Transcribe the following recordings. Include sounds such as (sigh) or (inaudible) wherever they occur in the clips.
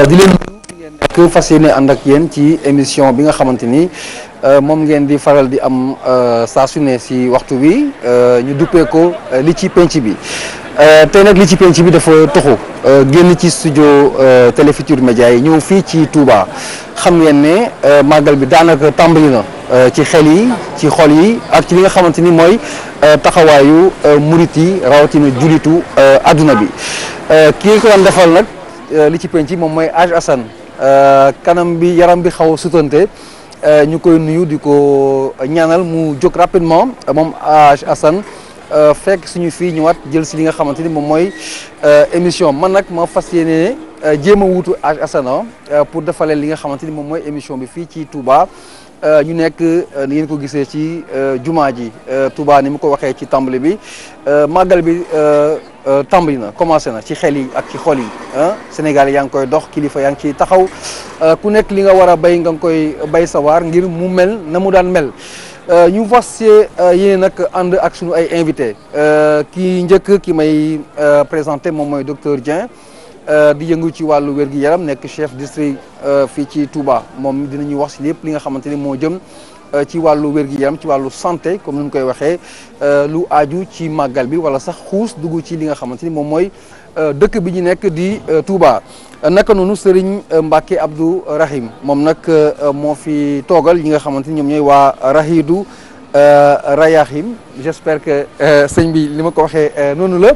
Euh, di leen ngeen nekk fas yéene ànd ak yéen ci émission bi nga xamante ni euh, moom ngeen di faral di am euh, saa su si waxtu wi ñu duppee ko li ci penc bi tey nag li ci penc bi dafa toxu génn ci studio Télé Futurs Médias yi ñëw fii ci Touba xam ngeen ne màggal bi daanaka tàmbali na ci xel yi ci xol yi ak ci li nga xamante ni mooy taxawaayu murit yi rawatina julitu àdduna bi ki ko daan defal nag. Euh, li ci penc moom mooy Aj Assane euh, kanam bi yaram bi xaw a sutante euh, ñu koy nuyu di ko ñaanal mu jóg rapidement moom Aj Assane fekk suñu fii ñëwaat jël si li nga xamante ni moom mooy émission man nag ma fas yéene jéem a wuutu Aj Assane ah, pour defalee li nga xamante ni moom mooy émission bi fii ci Touba ñu nekk ni ngeen ko gisee ci jumaa ji Touba ni mu ko waxee ci tàmbali bi màggal bi. Euh, tàmbali na commencé na ci xel yi ak ci xol yi ah Sénégal yaa ngi koy dox kilifa yaa ngi ciy taxaw euh, ku nekk li nga war a béy nga koy bay sawaar ngir mu mel na mu daan mel euh, ñu fas yéene nag ànd ak suñu ay invité ki njëkk ki may présenté moom mooy docteur Dieng di yëngu ci wàllu wér-gi-yaram nekk chef district fii ci Touba moom dinañuy wax si yépp li nga xamante ni moo jëm Euh, ci wàllu wér-gu-yaram ci wàllu santé comme ni mu koy waxee euh, lu aaju ci màggal bi wala sax xuus dugg ci li nga xamante ni moom mooy euh, dëkk bi ñu nekk di Touba. naka noonu Serigne Mbacke Abdou Rahim moom nag moo fi toogal ñi nga xamante ni ñoom ñooy waa Rahidu Rayahim j'espère que sëñ bi li ma ko waxee noonu la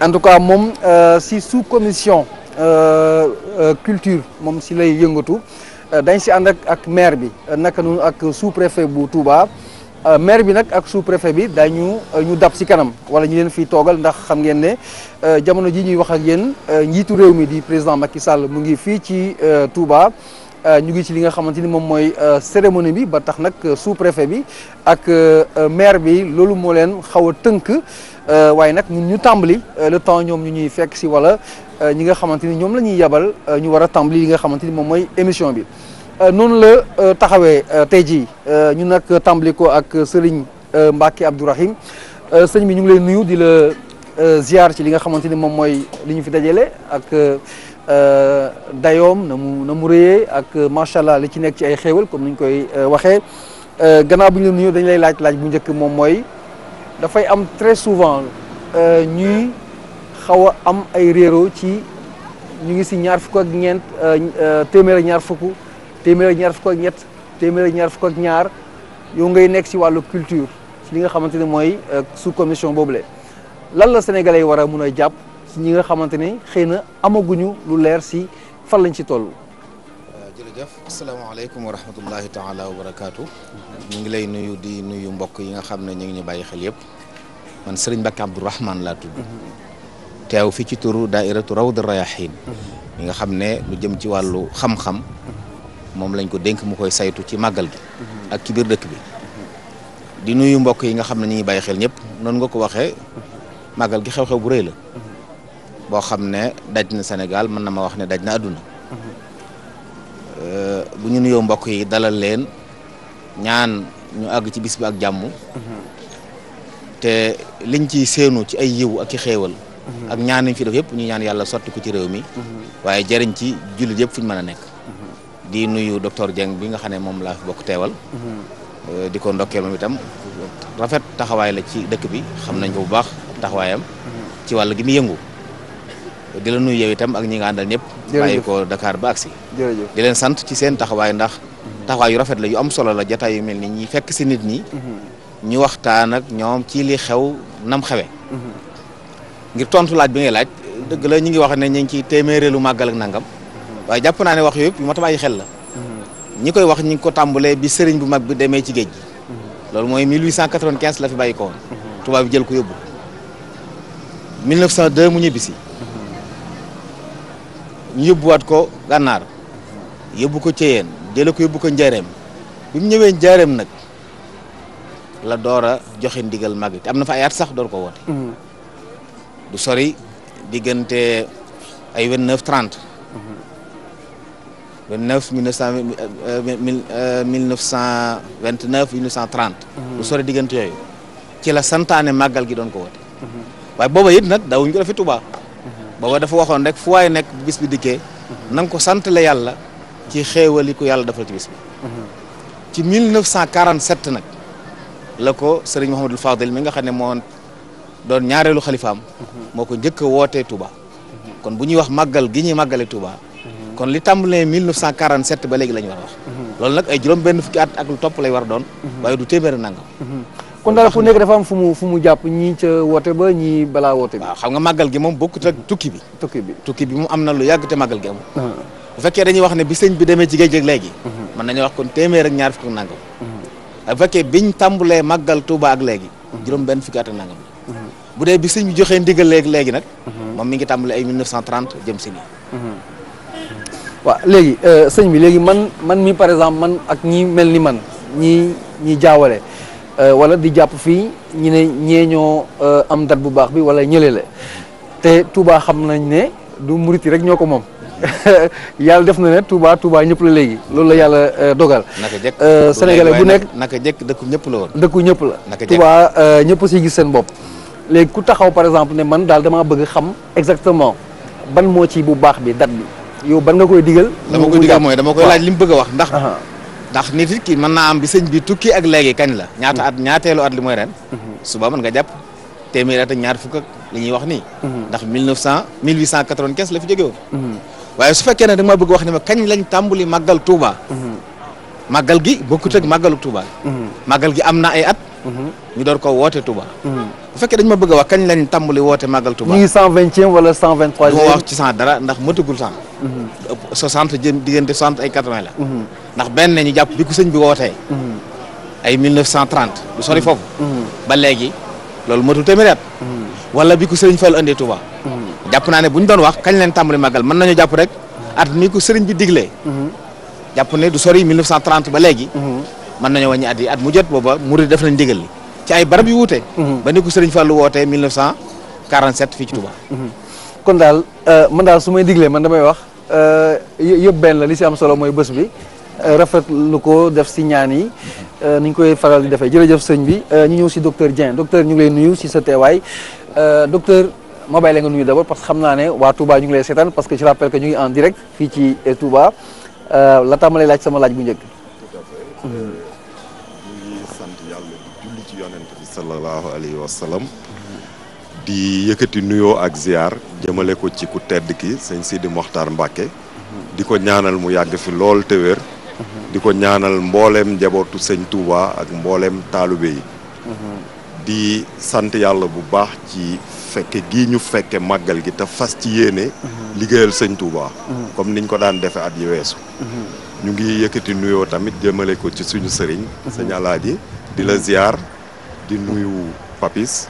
en tout cas moom si sous commission culture moom si lay yëngatu. Euh, dañ si ànd ak ak maire bi euh, naka noonu ak sous préfet bu Touba euh, maire bi nag ak sous préfet bi dañu ñu dab si kanam wala ñu leen fi toogal ndax xam ngeen ne jamono ji ñuy wax ak yéen njiitu réew mi di président Macky sàll mu ngi fii ci Touba. ñu ngi ci li nga xamante ni moom mooy cérémonie bi ba tax nag sous préfet bi ak maire bi loolu moo leen xaw a tënk waaye nag ñu tàmbali le temps ñoom ñu ñuy fekk si wala Euh, ñi nga xamante ni ñoom la ñuy yabal euh, ñu war a tàmbali li nga xamante ni moom mooy émission bi euh, noonu la taxawee tey jii ñu nag tàmbali ko ak sëriñ Serigne Mbacke Abdourahim sëñ bi ñu ngi lay nuyu di la ziar ci li nga xamante ni moom mooy li ñu fi dajale ak dayoom na mu na mu rëyee ak macha allah li ci nekk ci ay xéewal comme ni ñu koy waxee gannaaw bu ñu la nuyu dañ lay laaj laaj bu njëkk moom mooy dafay am très souvent ñuy. xaw am ay réeroo ci ñu ngi si ñaar fukk ak ñeent euh, euh, téeméer ñaar fukk téeméer ñaar fukk ñett téeméer ñaar fukk ak ñaar yow ngay nekk si wàllu culture si li nga xamante ne mooy euh, sous commission boobule. lan la sénégalais yi war a mun a jàpp si ñi nga xamante ne xëy na amaguñu lu leer si fan lañ ci toll. jërëjëf asalaamaaleykum wa rahmatullahi taala wa barakaatu. ñu ngi lay nuyu di nuyu mbokk yi nga xam ne ñu ngi ñu bàyyi xel yëpp man Serigne Mbacke Abdourahmane laa tudd. Mhm. teew fi ci turu daairatu rawdu rayahin mi nga xam ne lu jëm ci wàllu xam-xam moom lañ ko dénk mu koy saytu ci màggal gi ak ci biir dëkk bi di nuyu mbokk yi nga xam ne ñu ngi bàyyi xel ñépp noonu nga ko waxee màggal gi xew-xew bu rëy la boo xam ne daj na Sénégal mën na ma wax ne daj na àdduna bu ñu nuyoo mbokk yi dalal leen ñaan ñu àgg ci bis bi ak jàmm te liñ ci séenu ci ay yiw ak i xéewal ak ñaan nañ fi def yëpp ñu ñaan yàlla sotti ko ci réew mi mhm. waaye jëriñ ci jullit yëpp fu ñu mën a nekk mhm. di nuyu docteur Dieng bi nga xam ne moom laa fi bokk teewal mhm. euh, di ko ndokkeel moom itam rafet taxawaay la ci dëkk bi xam nañ ko bu baax taxawaayam ci wàll gi mu yëngu di la nuyu yow itam ak ñi nga àndal ñëpp bàyyi ko Dakar ba agsi di leen sant ci seen taxawaay ndax taxawaay yu rafet la yu am solo la jataay yu mel ni ñi fekk si nit ñi ñu waxtaan ak ñoom ci li xew nam xewe ngir tontu laaj bi ngay laaj dëgg la ñu ngi wax ne ñu ngi ci téeméeréelu màggal ak nangam waaye jàpp naa ne wax yooyu yëpp yu ma bàyyi xel la ñi koy wax ñi ngi ko tàmbalee bi sëriñ bu mag bi demee ci géej loolu mooy 1895 la fi bàyyi ko woon tubaab bi jël ko yóbbu 1902 mu ñibbisi ñu yóbbuwaat ko gànnaar yóbbu ko Ceyeen jële ko yóbbu ko Njaareem bi mu ñëwee Njaareem nag la door a joxe ndigal mag yi te am na fa ay sax door ko woote du sori diggante ay vingt neuf trente. Mhm. vingt neuf mille neuf cent mille neuf cent vingt sori diggante yooyu ci la santaane màggal gi doon ko woote. Mhm. waaye booba it nag dawuñ ko defi Tuubaa. Mhm. booba dafa waxoon rek fu waay nekk bis dikkee. na ko santale yàlla ci xéewal ko yàlla defal ci bis bi. ci nag la ko Serigne Mouhamadul Fadil mi nga xam ne moo doon ñaareelu xalifaam moo ko njëkk a wootee Touba kon bu ñuy wax màggal gi ñuy màggale Touba kon li tàmbalee 1947 ba léegi la ñu war a wax loolu nag ay juróom benn fukki at ak lu war doon waaye téeméeri nangam kon daal fu nekk dafa am fu mu fu mu jàpp ñii ca woote ba ñii balaa woote bi xam nga màggal gi moom bokkut ak tukki bi tukki bi tukki bi moom am na lu yàgg te màggal gi amul ah. bu fekkee dañuy wax ne bi sëñ bi demee ci géej gi léegi mm-hmm. mën nañu wax kon téeméer ak ñaar fukki nangam mm-hmm. bu fekkee biñ tàmbalee màggal Touba ak léegi mm-hmm. juróom benn fukki at ak nangam bu dee bi sëñ bi joxee ndigal léegi léegi nag. Mhm. moom mi ngi tàmbali ay 1930 jëm si nii. Mhm. waaw léegi euh, sëñ bi léegi man man mi par exemple man ak ñi mel ni man ñi ñi jaawale euh, wala di jàpp fii ñi ne ñee ñoo euh, am dat bu baax bi wala ñële la te Touba xam nañ ne du murit rek ñoo ko moom (laughs) yàlla def na ne Touba Touba ñëpp la léegi loolu la yàlla dogal. naka jëkk sénégalais bu nekk naka jëkk dëkku ñëpp la woon. dëkku ñëpp la. Touba ñëpp si gis seen bopp. léegi ku taxaw par exemple ne man daal damaa bëgg xam exactement ban moo ci bu baax bi date bi yow ban nga koy digal. dama koy digal mooy dama koy laaj li mu bëgg a wax ndax. ndax nit ki mën naa am bi sëñ bi tukki ak léegi kañ la. ñaata at ñaateelu at li mooy ren. Mhm. suba mën nga jàpp téeméer ñaar ak ñaar fukk ak li ñuy wax nii. Mhm. ndax 1900 1895 la fi jóge woon. Mhm. waaye su fekkee ne dama bëgg wax ne ma kañ lañ tàmbali màggal Touba. màggal gi bokkut ak magal Touba. màggal gi am na ay at. ñu door ko woote Touba. bu fekkee dañ ma bëgg a wax kañ lañ tàmbali woote Magal Touba. ñu ngi cent vingtième wala cent vingt troisième. wax ci cent dara ndax matagul cent. Mhm. soixante diggante soixante ay quatre vingt la. Mhm. ndax benn ñu jàpp bi ku sëñ bi wootee. Mhm. ay mille neuf cent trente. sori foofu. ba léegi loolu matul téeméeri at. wala bi ku sëriñ Fall andee Touba. jàpp naa ne bu ñu doon wax kañ lañ tàmbali Magal man nañu jàpp rek at ni ko sëriñ bi digle jàpp ne du sori mille neuf ba léegi. mën nañu wàññi at yi at mu jot booba murid def nañ digal li caay barab yu wuute. Mhm. ba ni ko Serigne Fallou wootee 1947 fii ci Touba. Mhm. kon daal euh, man daal su may diglee man damay wax euh, yëpp benn la li si am solo mooy bés bi rafet euh, rafetlu ko def si ñaan yi ni ñu koy faral di defee jërëjëf sëñ bi ñu ñëw si docteur Dieng docteur ñu ngi lay nuyu si sa teewaay docteur. ma bàyyi la nga nuyu d'abord parce que xam naa ne waa tubaa ñu ngi lay seetaan parce que je rappelle que ñu ngi en direct fii ci Touba la tàmbalee laaj sama laaj bu njëkk. sallallahu alayhi di yëkkati nuyoo ak ziar jëmale ko ci ku tedd ki sëñ Sidi Mokhtar Mbacke. di ko ñaanal mu yàgg fi lool te wér. di ko ñaanal mbooleem njabootu sëñ Touba ak mbooleem taalibe yi. di sant yàlla bu baax ci fekke gi ñu fekke màggal gi te fas ci yéene. liggéeyal sëñ Touba. comme niñ ko daan defee at yi weesu. ñu ngi yëkkati nuyoo tamit jëmale ko ci suñu sëriñ. sëñ Alaaji di la ziar. di nuyu Papis.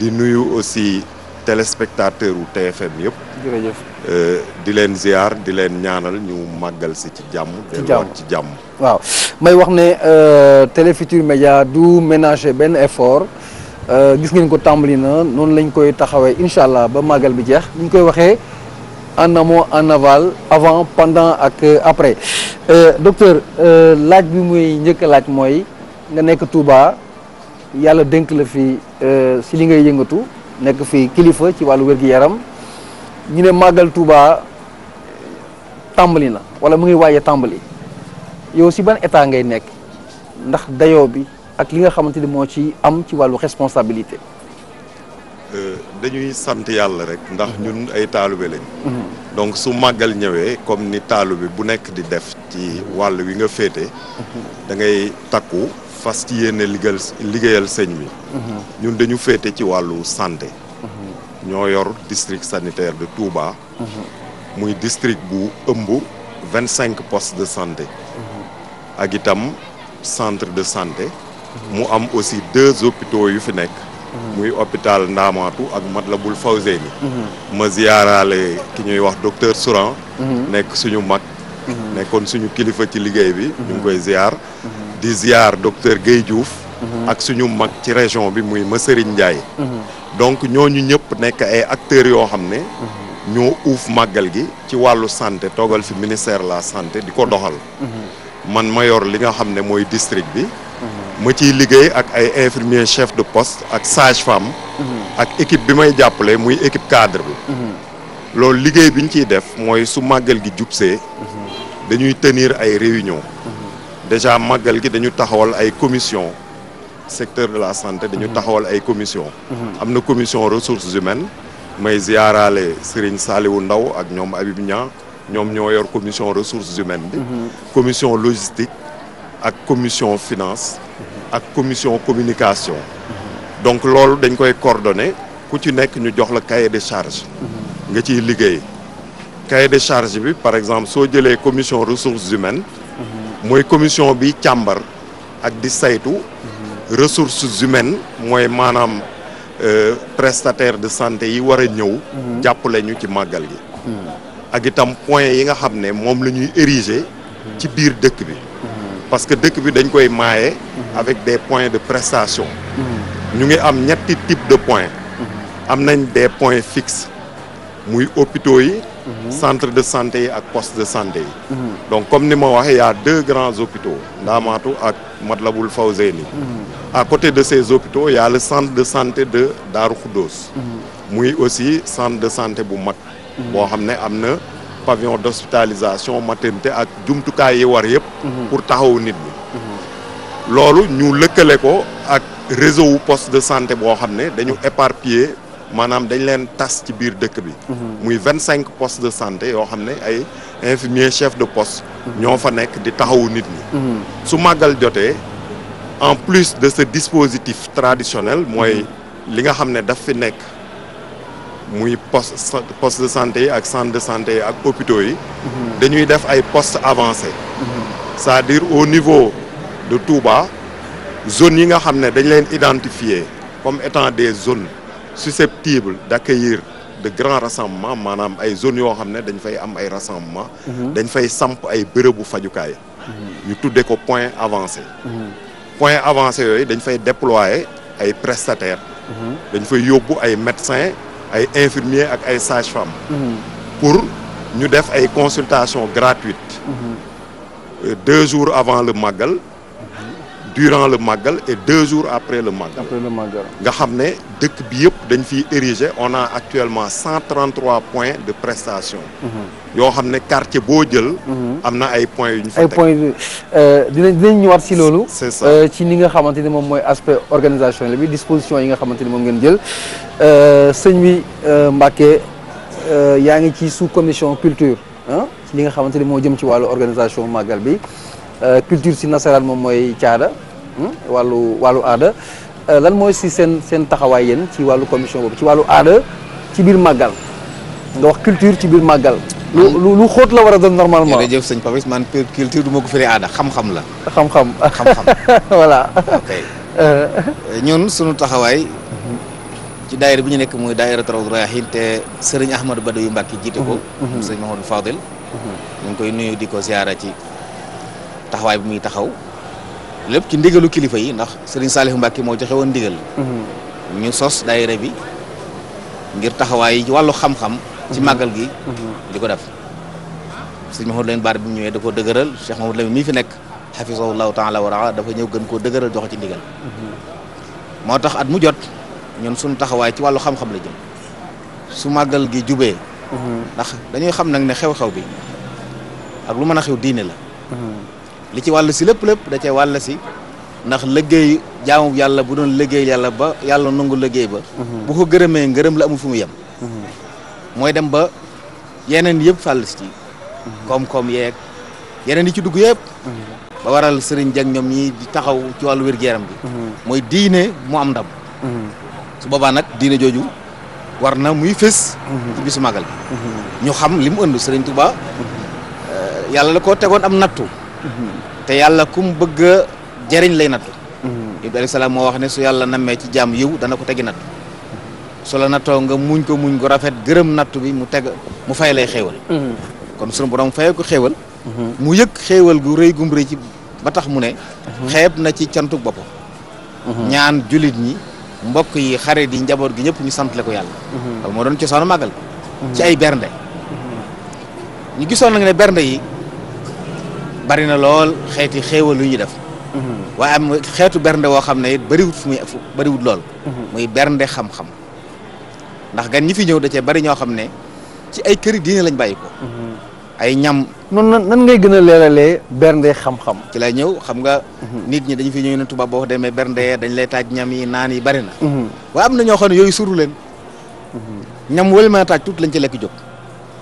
di nuyu aussi téléspectateur u TFM yëpp. jërëjëf. Euh, di leen ziar di leen ñaanal ñu màggal si ci jàmm. ci jàmm ci jàmm. waaw may wax ne euh, Télé Futurs Médias du ménager benn effort euh, gis ngeen ko tàmbali na noonu lañ koy taxawee incha allah ba màggal bi jeex ñu koy waxee. en amont en naval avant pendant ak après docteur laaj bi muy njëkk laaj mooy nga nekk Touba yàlla dénk la fi euh, si li ngay yëngatu nekk fi kilifa ci wàllu wér-gi-yaram ñu ne màggal Touba tàmbali na wala mu ngi waaje tàmbali yow si ban état ngay nekk ndax dayo bi ak li nga xamante ni moo ci am ci wàllu responsabilité. Euh, dañuy sant yàlla rek ndax mhm. ñun ay taalibe lañ. Mhm. donc su màggal ñëwee comme ni taalibe bu nekk di def ci wàll wi nga féete. Mhm. da takku. fas yéene liggéeyal liggéeyal sëñ bi. Mhm. ñun dañu féete ci wàllu santé. Mhm. ñoo yor district sanitaire de Touba. Mhm. muy district bu ëmb vingt cinq postes de santé. ak itam centre de santé. mu am aussi deux hôpitaux yu fi nekk. muy hôpital Ndaamaatu ak Matlaboul Fawzeyni. ma ziyaaraale ki ñuy wax docteur Souran. nekk suñu mag. nekkoon suñu kilifa ci liggéey bi. ñu koy ziyaar. di ziar docteur Guèye Diouf. Mhm. ak suñu mag ci région bi muy ma Serigne Ndiaye. Mhm. donc ñooñu ñëpp nekk ay acteurs yoo xam ne. Mhm. ñoo uuf màggal gi ci wàllu santé toogal fi ministère la santé di ko doxal. man ma yor li nga xam ne mooy district bi. ma ciy liggéey ak ay infirmier chef de poste ak sage femme. ak équipe bi may jàppale muy équipe cadre bi. loolu liggéey bi ñu ciy def mooy su màggal gi jubsee dañuy tenir ay réunion déjà màggal gi dañu taxawal ay commission secteur de la santé dañu mhm. taxawal ay commission mhm. am na commission ressources humaines may ziyaaraale Serigne Saliou Ndaw ak ñoom Habib Niang ñoom ñoo yor commission ressources humaines bi mhm. commission logistique ak commission finance ak commission communication donc loolu dañ koy coordonné ku ci nekk ñu jox la cahier de charge nga ciy liggéey cahier de charge bi par exemple soo jëlee commission ressources humaines mooy commission bi càmbar ak di saytu ressources humaines mooy maanaam euh, prestataire de santé yi war a ñëw jàppale lañu ci màggal yi ak itam point yi nga xam ne moom la ñuy ériger ci biir dëkk bi parce que dëkk bi dañ koy maaye avec des points de prestation ñu ngi am ñetti type de points am nañ des points fixes muy hôpitaux yi Mm-hmm. centre de santé yi ak post de santé yi mm-hmm. donc comme ni ma waxee y a deux grands hôpitaux Ndamaatu ak Matlaboul Fawzeyni mm-hmm. à côté de ces hôpitaux y a centre de santé de Darou Khoudoss muy aussi centre de santé bu mag boo xam ne am na pavillon d'hospitalisation maternité ak jumtukaay yi war yëpp pour taxawu nit ñi loolu ñu lëkkale ko ak réseau wu poste de santé boo xam ne dañu éparpillé maanaam dañ leen tas ci biir dëkk bi. Mhm. muy vingt cinq postes de santé yoo xam ne ay infirmier chef de poste. Mhm. ñoo fa nekk di taxawu nit ñi. Mhm. su màggal jotee en plus de ce dispositif traditionnel mooy li nga xam ne daf fi nekk. muy poste de santé yi ak centre de santé yi ak hôpitaux yi. dañuy def ay postes avancés. c'est-à-dire au niveau de Touba zone yi nga xam ne dañ leen identifier comme étant des zones. susceptible d'accueillir de grands rassemblements maanaam ay zones yoo xam ne dañ fay am ay rassemblements. Mhm. dañ fay samp ay bërëbu fajukaay. Mhm. ñu tuddee ko point avancé. Mhm. point avancé yooyu dañ fay déployer ay prestataires. dañ fay yóbbu ay médecins ay infirmier ak ay sages pour ñu def ay consultations gratuit euh, deux jours avant le màggal. durant le màggal e deux jours après le màggal. après le màggal. nga xam ne dëkk bi yëpp dañ fiy érigé on a actuellement cent trente trois points de prestation. Mhm. yoo xam ne quartier boo jël. Mhm. am na ay points yu ñu fa euh, dinañ dinañ si loolu. c'est euh, ci li nga xamante ni moom mooy aspect organisation la bi disposition yi nga xamante ni moom ngeen jël euh, sëñ bi Mbacké yaa ngi ci sous commission culture ah ci nga xamante ni moo jëm ci wàllu organisation màggal bi. Euh, culture si nasaraan moom mooy caada hmm, wàllu wàllu aada euh, lan mooy si seen seen taxawaay yéen ci wàllu commission boobu ci wàllu aada ci biir màggal nga wax culture ci biir màggal. lu xóot la war a doon normalement. jërëjëf sëñ Papis man culture du ma ko firi aada xam-xam la. xam-xam (laughs) euh, ñun sunu taxawaay. ci daayira bi ñu nekk muy daayira Rawdu Rayaahiin te sëriñ Ahmadou Badawi Mbacke jiite ko. Mhm. Mhm. sëriñ Mahamadou Fadil. Mhm. ñu koy nuyu di ko ziara ci. taxawaay bi muy taxaw lépp ci ndigalu kilifa yi ndax Serigne Saliou Mbacké moo joxe woon ndigal. Mhm. ñu sos daayira bi ngir taxawaay yi ci wàllu xam-xam. ci mhm. màggal gi. Mhm. di ko def sëñ Mahamadou Lamine Bara bi mu ñëwee da dëgëral Cheikh Mahamadou Lamine fi nekk xafisahullahu taala wa raa dafa ñëw gën koo dëgëral joxe ci ndigal. moo tax at mu jot ñun suñu taxawaay ci wàllu xam-xam la jëm su màggal gi jubee. ndax dañuy xam nag ne xew-xew bi ak lu mën a xew diine la. li ci wàll si lépp lépp da cee wàll si ndax liggéey jaamu yàlla bu doon liggéey yàlla ba yàlla nangu liggéey ba. Mhm. bu ko gërëmee ngërëm la amul fu mu yem. Mhm. mooy dem ba yeneen yëpp fàll si. Mhm. koom-koom yeeg yeneen yi ci dugg yëpp. ba waral sëriñ Dieng ñoom ñi taxaw ci wàllu wér-gu-yaram bi. mooy diine mu am ndam. su boobaa nag diine jooju war na muy fés. ci bisu màggal bi. ñu xam li mu sëriñ Touba. Euh, yàlla la ko tegoon am nattu. te yàlla ku mu bëgg a lay nattu Ibrahima alayhi salaam moo wax ne su yàlla nammee ci jaam yiw dana ko tegi nattu su la nattoo nga muñ ko muñ gu rafet gërëm nattu bi mu teg mu fay lay xéewal kon sunu borom fayee ko xéewal mu yëg xéewal gu rëy gum rëy ci ba tax mu ne xeeb na ci cantuk bopp ñaan julit ñi mbokk yi xare yi njaboot gi ñëpp ñu sant ko yàlla loolu moo doon cosaanu màggal ci ay bernde ñu gisoon nag ne bernde yi bari na lool xeeti xéewal lu ñuy def mm-hmm. waaye am xeetu bernde woo xam ne it bariwut fu muy bariwut lool mm-hmm. muy bernde xam-xam ndax gan ñi fi ñëw da cee bari ñoo xam ne ci ay këri diine lañ bàyyi ko mm-hmm. ay ñam noonu nan nan ngay gën a leeralee bernde xam-xam ci lay ñëw xam nga nit ñi dañu fi ñëw na tubaab boo demee bernde dañ lay taaj ñam yi naan yi bari na waaye am na ñoo xam ne yooyu suru leen ñam wël mën a taaj tuuti lañ ci lekk jóg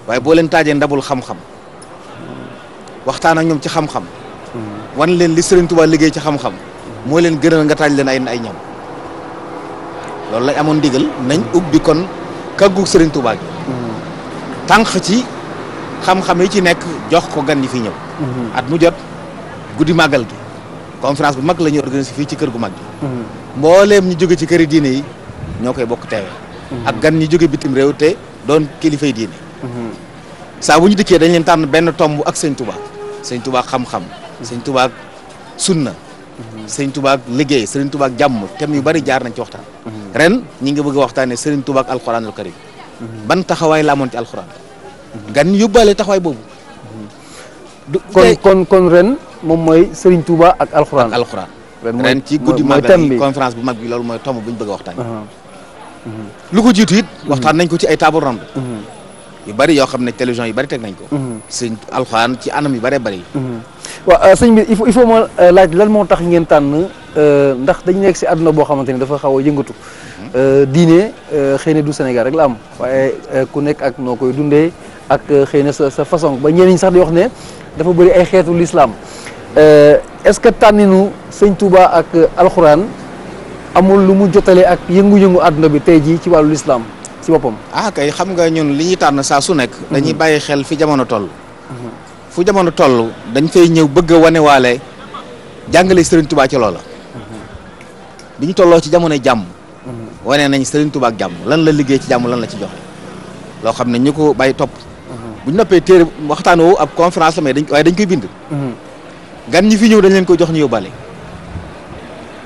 waaye boo leen taajee ndabul xam-xam waxtaan ak ñoom ci xam-xam. wan leen li Serigne Touba liggéey ci xam-xam. moo leen gënal nga taaj leen ay ay ñam. loolu lañ amoon digal nañ ubbi kon kàggu sëriñ Touba gi. tànq ci xam-xam yi ci nekk jox ko gan yi fi ñëw. at mu jot guddi màggal gi. conférence bu mag la ñuy fii ci kër gu mag gi. mbooleem ñu jóge ci këri diine yi ñoo koy bokk teewe. ak gan ñu jóge bitim réew te doon kilifay diine. saa bu ñu dikkee dañ leen tànn benn tomb ak sëñ Touba sëñ Touba xam-xam mm-hmm. sëñ Touba sunna mm-hmm. sëñ Touba liggéey sëriñ Touba jàmm thème yu bari jaar nañ ci waxtaan mm-hmm. ren ñi ngi bëgg a waxtaanee sëriñ Touba ak alxuraanul karim ban taxawaay la amoon ci alxuraan gan yóbbaale taxawaay boobu kon kon kon ren moom mooy sëriñ Touba ak alxuraan alxuraan ren ci guddi magal bi conférence bu mag bi loolu mooy tomb bu ñu bëgg a waxtaanee uh-huh. lu ko jiitu it waxtaan nañ ko ci ay table ronde yu bari yoo xam ne télévision yu bari teg nañ ko. Mhm. sëñ alxuraan ci anam yu bare bari mhm. waaw euh, sëñ bi il faut ma euh, laaj lan moo tax ngeen tànn euh, ndax dañ nekk si àdduna boo xamante ni dafa xaw a yëngatu. Mhm. diine xëy na du Sénégal rek la am waaye ku nekk ak noo koy dundee ak xëy na sa sa façon ba ñeneen sax di wax ne dafa bëri ay xeetu lislaam est-ce que tànninu sëñ Touba ak alxuraan amul lu mu jotalee ak yëngu-yëngu àdduna bi tey jii ci wàllu lislaam ci boppam. ah kay xam nga ñun li ñuy tànn saa su nekk. Mhm. dañuy bàyyi xel fi jamono toll. Mhm. fu jamono toll dañ fay ñëw bëgg a wanewaale jàngale Serigne Touba ci loola. Mhm. bi ñu tolloo ci jamono jàmm. wane nañ Serigne Touba ak jàmm la liggéey ci jàmm lan la ci joxe loo xam ne ñu ko bàyyi topp. bu ñu noppee téere waxtaan woo ab conférence la mais dañ waaye koy bind. gan ñi fi ñëw dañ leen ko jox ñu yóbbaale.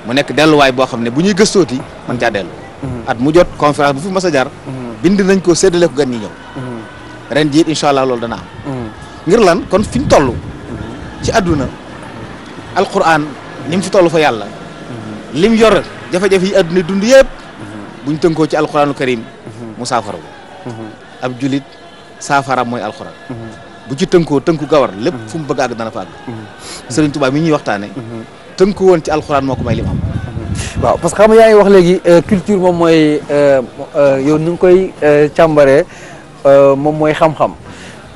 mu nekk delluwaay boo xam ne bu ñuy gëstooti man caa dellu. Mhm. at mu jot conférence bu fi mas mhm. bind nañ ko séddale ko gan ñi ñëw mhm. ren jii incha allah loolu dana am ngir lan kon fi ñu toll ci àdduna alquran ni mu fi toll fa yàlla lim yor jafe-jafe yi àdduna dund yëpp buñ tënkoo ci alquranul karim mu saafara ko ab julit mooy alquran bu ci tënkoo lépp fu mu bëgg àgg dana fa àgg sëriñ Tuubaa mi ñuy waxtaane tënku woon ci alquran moo ko may lim waaw parce que xam yaa ngi wax léegi euh, culture moom mooy euh, euh, yow ni nga koy càmbaree moom mooy xam-xam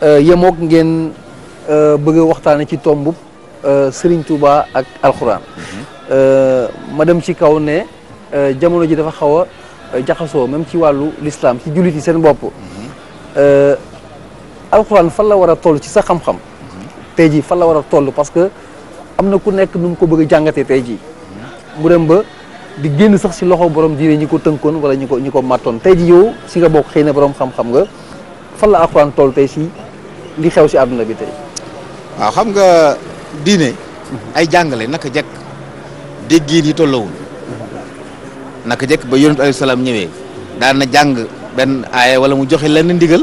yemook ngeen bëgg a waxtaane ci tombub Serigne Touba ak alxuraan mhm. ma dem ci kaw ne jamono ji dafa xaw a jaxasoo même ci wàllu l'islam ci jullit yi seen bopp mhm. alxuraan fan la war a toll ci sa xam-xam mhm. tey jii fan la war a toll parce que am na ku nekk nu mu ko bëgg a jàngatee tey jii mu dem ba di génn sax si loxo borom diine ñi ko tënkoon wala ñi ko ñi ko màttoon tey ji yow si nga bokk xëy na borom xam-xam nga fan la alxuraan toll tey si ngi xew si àdduna bi tey. waaw xam nga diine. ay jàngale naka jekk déggin yi tollawul naka jekk ba yonent alayhi salaam ñëwee daan jàng benn aaya wala mu joxe lenn ndigal.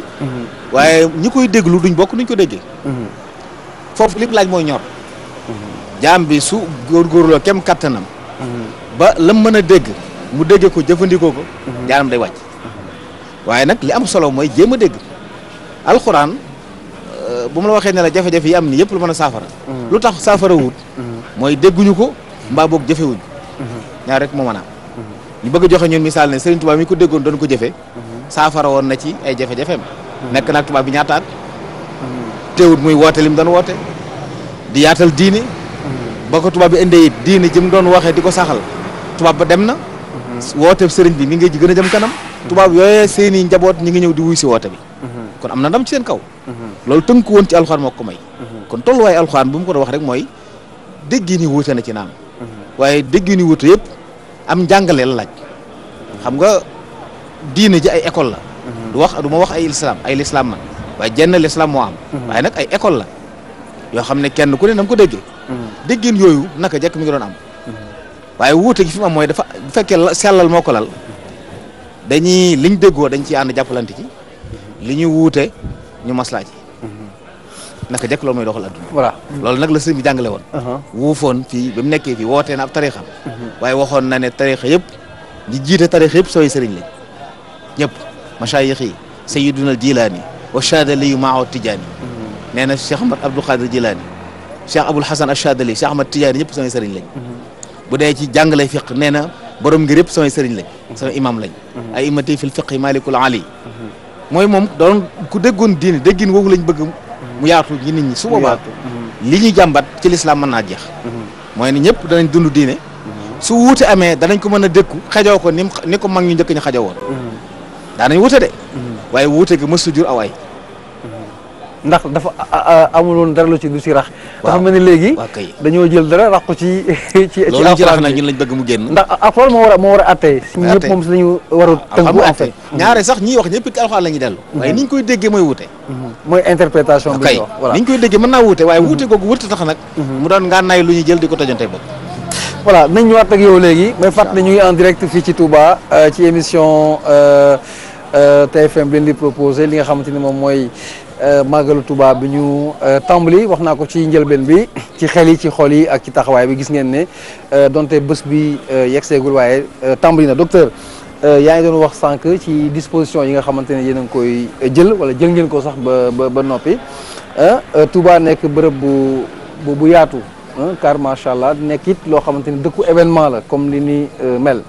waaye ñi koy déglu duñ bokk nuñ ko déggee. foofu lépp laaj mooy ñor. jaam bi su góorloo kem kattanam. ba lam mën a dégg mu dégg ko jëfandikoo ko njaaram da wàcc waaye nag li am solo mooy jëm a dégg alxuraan euh, bu ma la waxee ne la jafe-jafe yi am ni yëpp lu mën a saafara mm-hmm. lu tax saafara wut mm-hmm. mooy dégguñu ko mbaa boog jëfewuñ mm-hmm. ñaar rek moo mën ñu bëgg joxe ñun misaal ne Serigne Touba mi ko déggoon doon ko jëfe saafara woon na ci ay jafe-jafeem nekk nag tubaab bi ñaataat teewut muy woote lim mu doon woote di yaatal diine ba ko tubaab bi indee it diine ji doon waxee di ko saxal tubaab ba dem na. woote sëriñ bi mi ngi gën a jëm kanam. tubaab yooyee seeni njaboot ñi ngi ñëw di wuy si woote bi. kon am na dam ci seen kaw. loolu tënk woon ci alxuraan moo ko may. kon tolluwaayu alxuraan bu mu ko doon wax rek mooy dégg ni wuute na ci naam. waaye dégg ni wuute yëpp am njàngale la xam nga diine ji ay école la. wax du ma wax ay lislaam ay lislaam man waaye jenn moo am. waaye nag ay école la yoo xam ne kenn ku ne na ko déggee. Hmm. déggin yooyu naka jekk mi ngi doon am. waaye wuute gi fi mu mooy dafa bu fekkee sellal moo ko lal dañuy liñ déggoo dañ ci ànd jàppalante ci li ñu wuute ñu maslaa ci mhm. naka jëkk loolu mooy doxal adduna. voilà loolu nag la sëñ bi jàngale woon. Uh-huh. wuufoon fii ba mu nekkee fii wootee na ab tariixam. Uh-huh. waaye waxoon na ne tariixa yëpp ñi jiite tariixa yëpp sooy sëriñ lañ ñëpp masaayix yi sayyiduna jilaani wa shaadali yu maaxoo tijaani. Uh-huh. nee na Cheikh Ahmad Abdou Khadir Jilaani Cheikh Abul Hasan Ashadali Cheikh Ahmad Tijaani ñëpp sooy sëriñ lañ. bu dee ci jàngale fiq nee na borom ngir yëpp samay sëriñ lañ sama imam lañ mhm. ay imati fil fiqi malikul ali mhm. mooy moom doon ku déggoon diine déggin woowu lañ bëgg mhm. mu yaatu ñi nit ñi su boobaa li ñuy jàmbat ci lislaam mën naa jeex mooy na ñëpp danañ dund diine su wuute amee danañ ko mën a dékku xajoo ko ni ni ko mag ñu njëkk ñu xajoo woon daanañ wuute de waaye wuute gi mësul jur aw ay ndax dafa amuloon dara lu ci lu ci rax. dafa mel ni léegi. dañoo jël dara rax ko ci. ci ci alxuraan bi loolu ci rax nag lañ bëgg mu génn. ndax alxuraan moo war a moo war a ñu sax ñiy wax ñëpp alxuraan la dellu. Mhm. waaye ni ñu koy déggee mooy wuute. Mhm. mooy interprétation bi ñu koy déggee mën naa wuute waaye mhm. wuute googu wërta tax nag. mu doon ngaa nay lu ñuy jël di ko tojante bopp. voilà nañ ñëwaat ak yow léegi. may fàttali ñu ngi en direct fii ci tubaa euh, ci émission euh, euh, TFM bi leen di proposé li nga xamante ni moom mooy Euh, màggalu Touba bi ñu euh, tàmbali wax naa ko ci njëlbeen bi ci xel yi ci xol yi ak ci taxawaay bi gis ngeen ne euh, donte bés bi yeggseegul waaye tàmbali na docteur yaa ngi doon wax sànq ci disposition yi nga xamante ne yéen a ngi koy jël wala jël ngeen ko sax ba ba noppi Touba nekk bërëb bu bu yaatu car macha allah nekk it loo xamante ni dëkku événement la comme li ni mel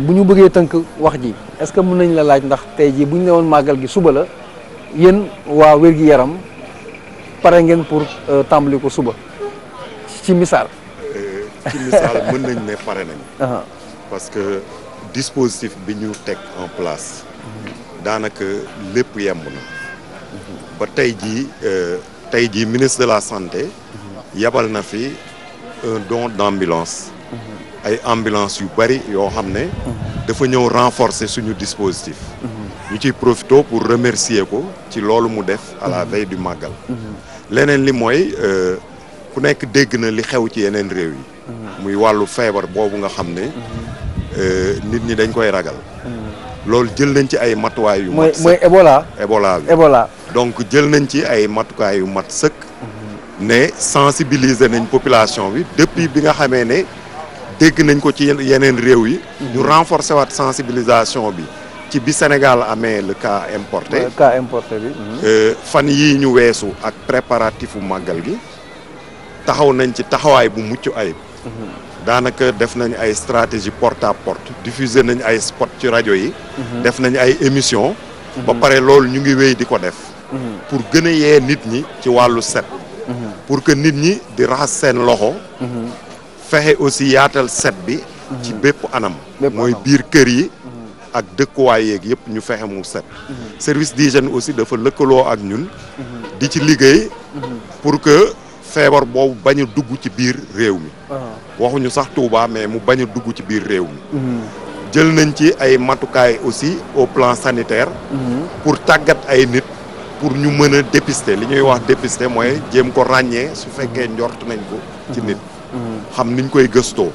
bu ñu bëggee tënk wax ji est-ce que mën nañ la laaj ndax tey jii bu ñu ne woon màggal gi suba la. yéen waa wér-gi-yaram pare ngeen pour euh, tàmbali ko suba ci misaal. Euh, ci mën nañ ne pare nañ. (laughs) parce que dispositif bi ñu teg en place. daanaka lépp yemb na. ba tey jii euh, tey jii ministre de la santé. yebal na fi un don d'ambulance. Mhm. ay ambulance yu bari yoo xam ne. Mhm. dafa ñëw renforcer suñu dispositif. Mhm. lu ci profité pour remercier ko ci loolu mu def à la mhm. veille du màggal mhm. leneen li mooy euh, ku nekk dégg na li xew ci yeneen réew yi mhm. muy wàllu feebar boobu nga xam ne euh, nit ñi dañ koy ragal loolu jël nañ ci ay matuwaay yu mat mooy Ebola donc jël nañ ci ay matukaay yu mat sëkk ne sensibiliser nañ population bi depuis bi nga xamee ne dégg nañ ko ci yeneen réew yi ñu renforcer waat sensibilisation bi ci bi Sénégal amee le cas importé le cas importé mhm. euh, fan yi ñu weesu ak préparatifu màggal gi taxaw nañ ci taxawaay bu mucc ay mhm. daanaka def nañ ay stratégie porte à porte diffuser nañ ay spot ci rajo yi. Mhm. def nañ ay émission ba pare loolu ñu ngi wéy di ko def. pour gën a yee nit ñi ci wàllu set. pour que nit ñi di raxas seen loxo. fexe aussi yaatal set bi. ci bépp anam. mooy biir kër yi. ak dëkkuwaay yeeg yëpp ñu fexe mu set. service d'hygiène aussi dafa lëkkaloo ak ñun. di ci liggéey. pour que feebar boobu bañ dugg ci biir réew mi. Uh-huh. waxuñu sax Touba mais mu bañ a dugg ci biir réew mi. Mm-hmm. jël nañ ci ay matukaay aussi au plan sanitaire. Mm-hmm. pour tàggat ay nit. pour ñu mën a dépister li ñuy wax dépister mooy mm-hmm. jéem ko ràññee su fekkee njort nañ ko. ci nit xam niñ koy gëstoo.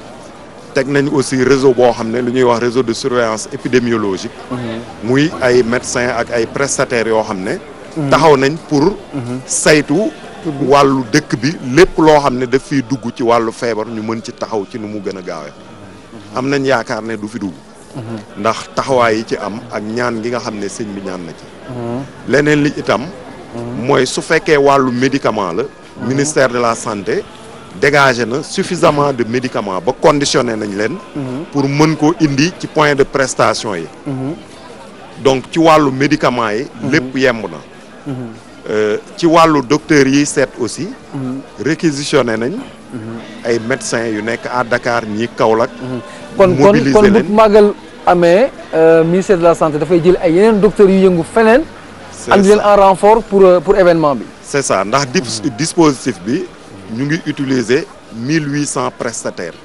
teg nañ aussi réseau boo xam ne lu ñuy wax réseau de surveillance épidémiologique mhm. muy ay médecins ak ay prestataires yoo xam ne mhm. taxaw nañ pour mhm. saytu wàllu dëkk bi lépp loo xam ne daf fi dugg ci wàllu feebar ñu mën ci taxaw ci nu mu gën a gaawee am nañ yaakaar ne du fi dugg ndax taxawaay yi ci am ak ñaan gi nga xam ne sëñ bi ñaan na ci leneen li itam mooy su fekkee wàllu médicament la ministère de la santé dégagé na suffisamment de médicament ba conditionné nañ leen. Mhm. pour mën ko indi ci point de prestation yi. Mhm. donc ci wàllu médicaments yi. Mhm. lépp yemb na. Euh, ci wàllu docteurs yi seet aussi. réquisitionné nañ. ay médecins yu nekk à Dakar ñii Kaolack. kon kon kon bu màggal amee euh, ministère de la santé dafay jël ay yeneen docteurs yu yëngu feneen. andi leen en renfort pour euh, pour événement bi. c'est ça ndax dispositif bi. ñu ngi utiliser mille huit cent prestataires.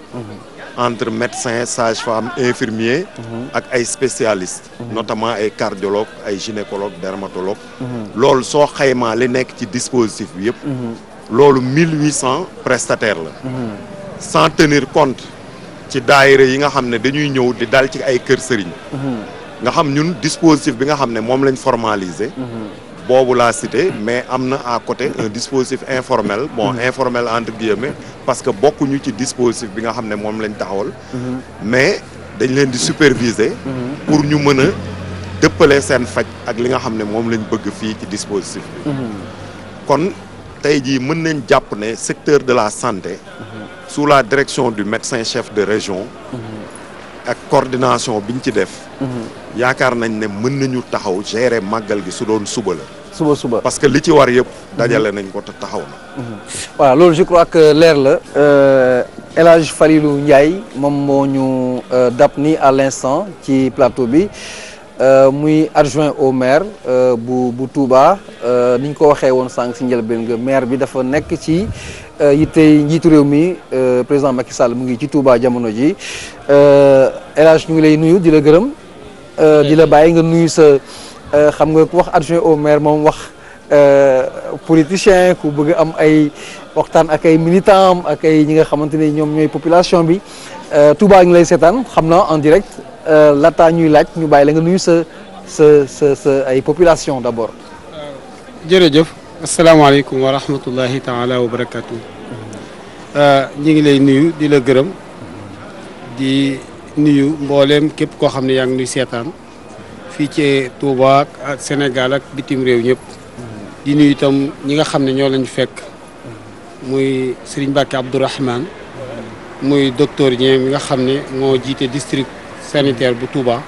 entre médecins sages-femmes infirmiers. ak ay spécialistes. notamment ay cardiologues ay gynécologues dermatologues. loolu soo xaymaa li nekk ci dispositif bi yëpp. loolu mille huit cent prestataires la. sans tenir compte ci daayira yi nga xam ne dañuy ñëw di dal ci ay kër sëriñ. nga xam ñun dispositif bi nga xam ne moom lañ formaliser. boobu la cité mais am na à côté un dispositif informel bon mhm. informel entre guillemets parce que bokkuñu ci dispositif bi nga xam ne moom lañ taxawal mhm. mais dañ leen di superviser mhm. pour ñu mën a dëppale seen faj ak li nga xam ne moom lañ bëgg fii ci dispositif bi kon tey jii mën nañ jàpp ne secteur de la santé su la direction du médecin chef de région ak coordination biñ ci def yaakaar nañ ne mën nañu taxaw gérer màggal gi su doon suba la. suba suba parce que li ci war yëpp. Mhm. dajale nañ ko te taxaw na. Mhm. voilà loolu je crois que leer la. Euh, El Hadj Falilou Ndiaye moom moo ñu euh, dab ni à l'instant ci plateau bi euh, muy adjoint au maire bu bu Touba ni ñu ko waxee woon sànq si njëlbeen nga maire bi dafa nekk ci yittey njiitu réew mi président Macky Sall mu ngi ci Touba jamono ji El Hadj ñu ngi lay nuyu di la gërëm. Euh, di la bàyyi nga nuyu sa euh, xam nga ku wax adjoint au maire moom wax euh, politicien ku bëgg am ay waxtaan ak ay militant ak ay ñi nga xamante ne ñoom ñooy population bi Touba ngi lay seetaan xam naa en direct lataa ñuy laaj ñu bàyyi la nga nuyu sa sa sa sa ay population d'abord. jërëjëf asalaamaaleykum wa rahmatullahi taala wa barakatu ñu ngi lay nuyu di la gërëm nuyu mbooleem képp koo xam ne yaa ngi nuy seetaan fii ci Touba ak Sénégal ak bitim réew ñëpp di nuyu itam ñi nga xam ne ñoo lañu fekk muy Serigne Mbacke Abdourahmane muy docteur ñee mi nga xam ne moo jiite district sanitaire bu Touba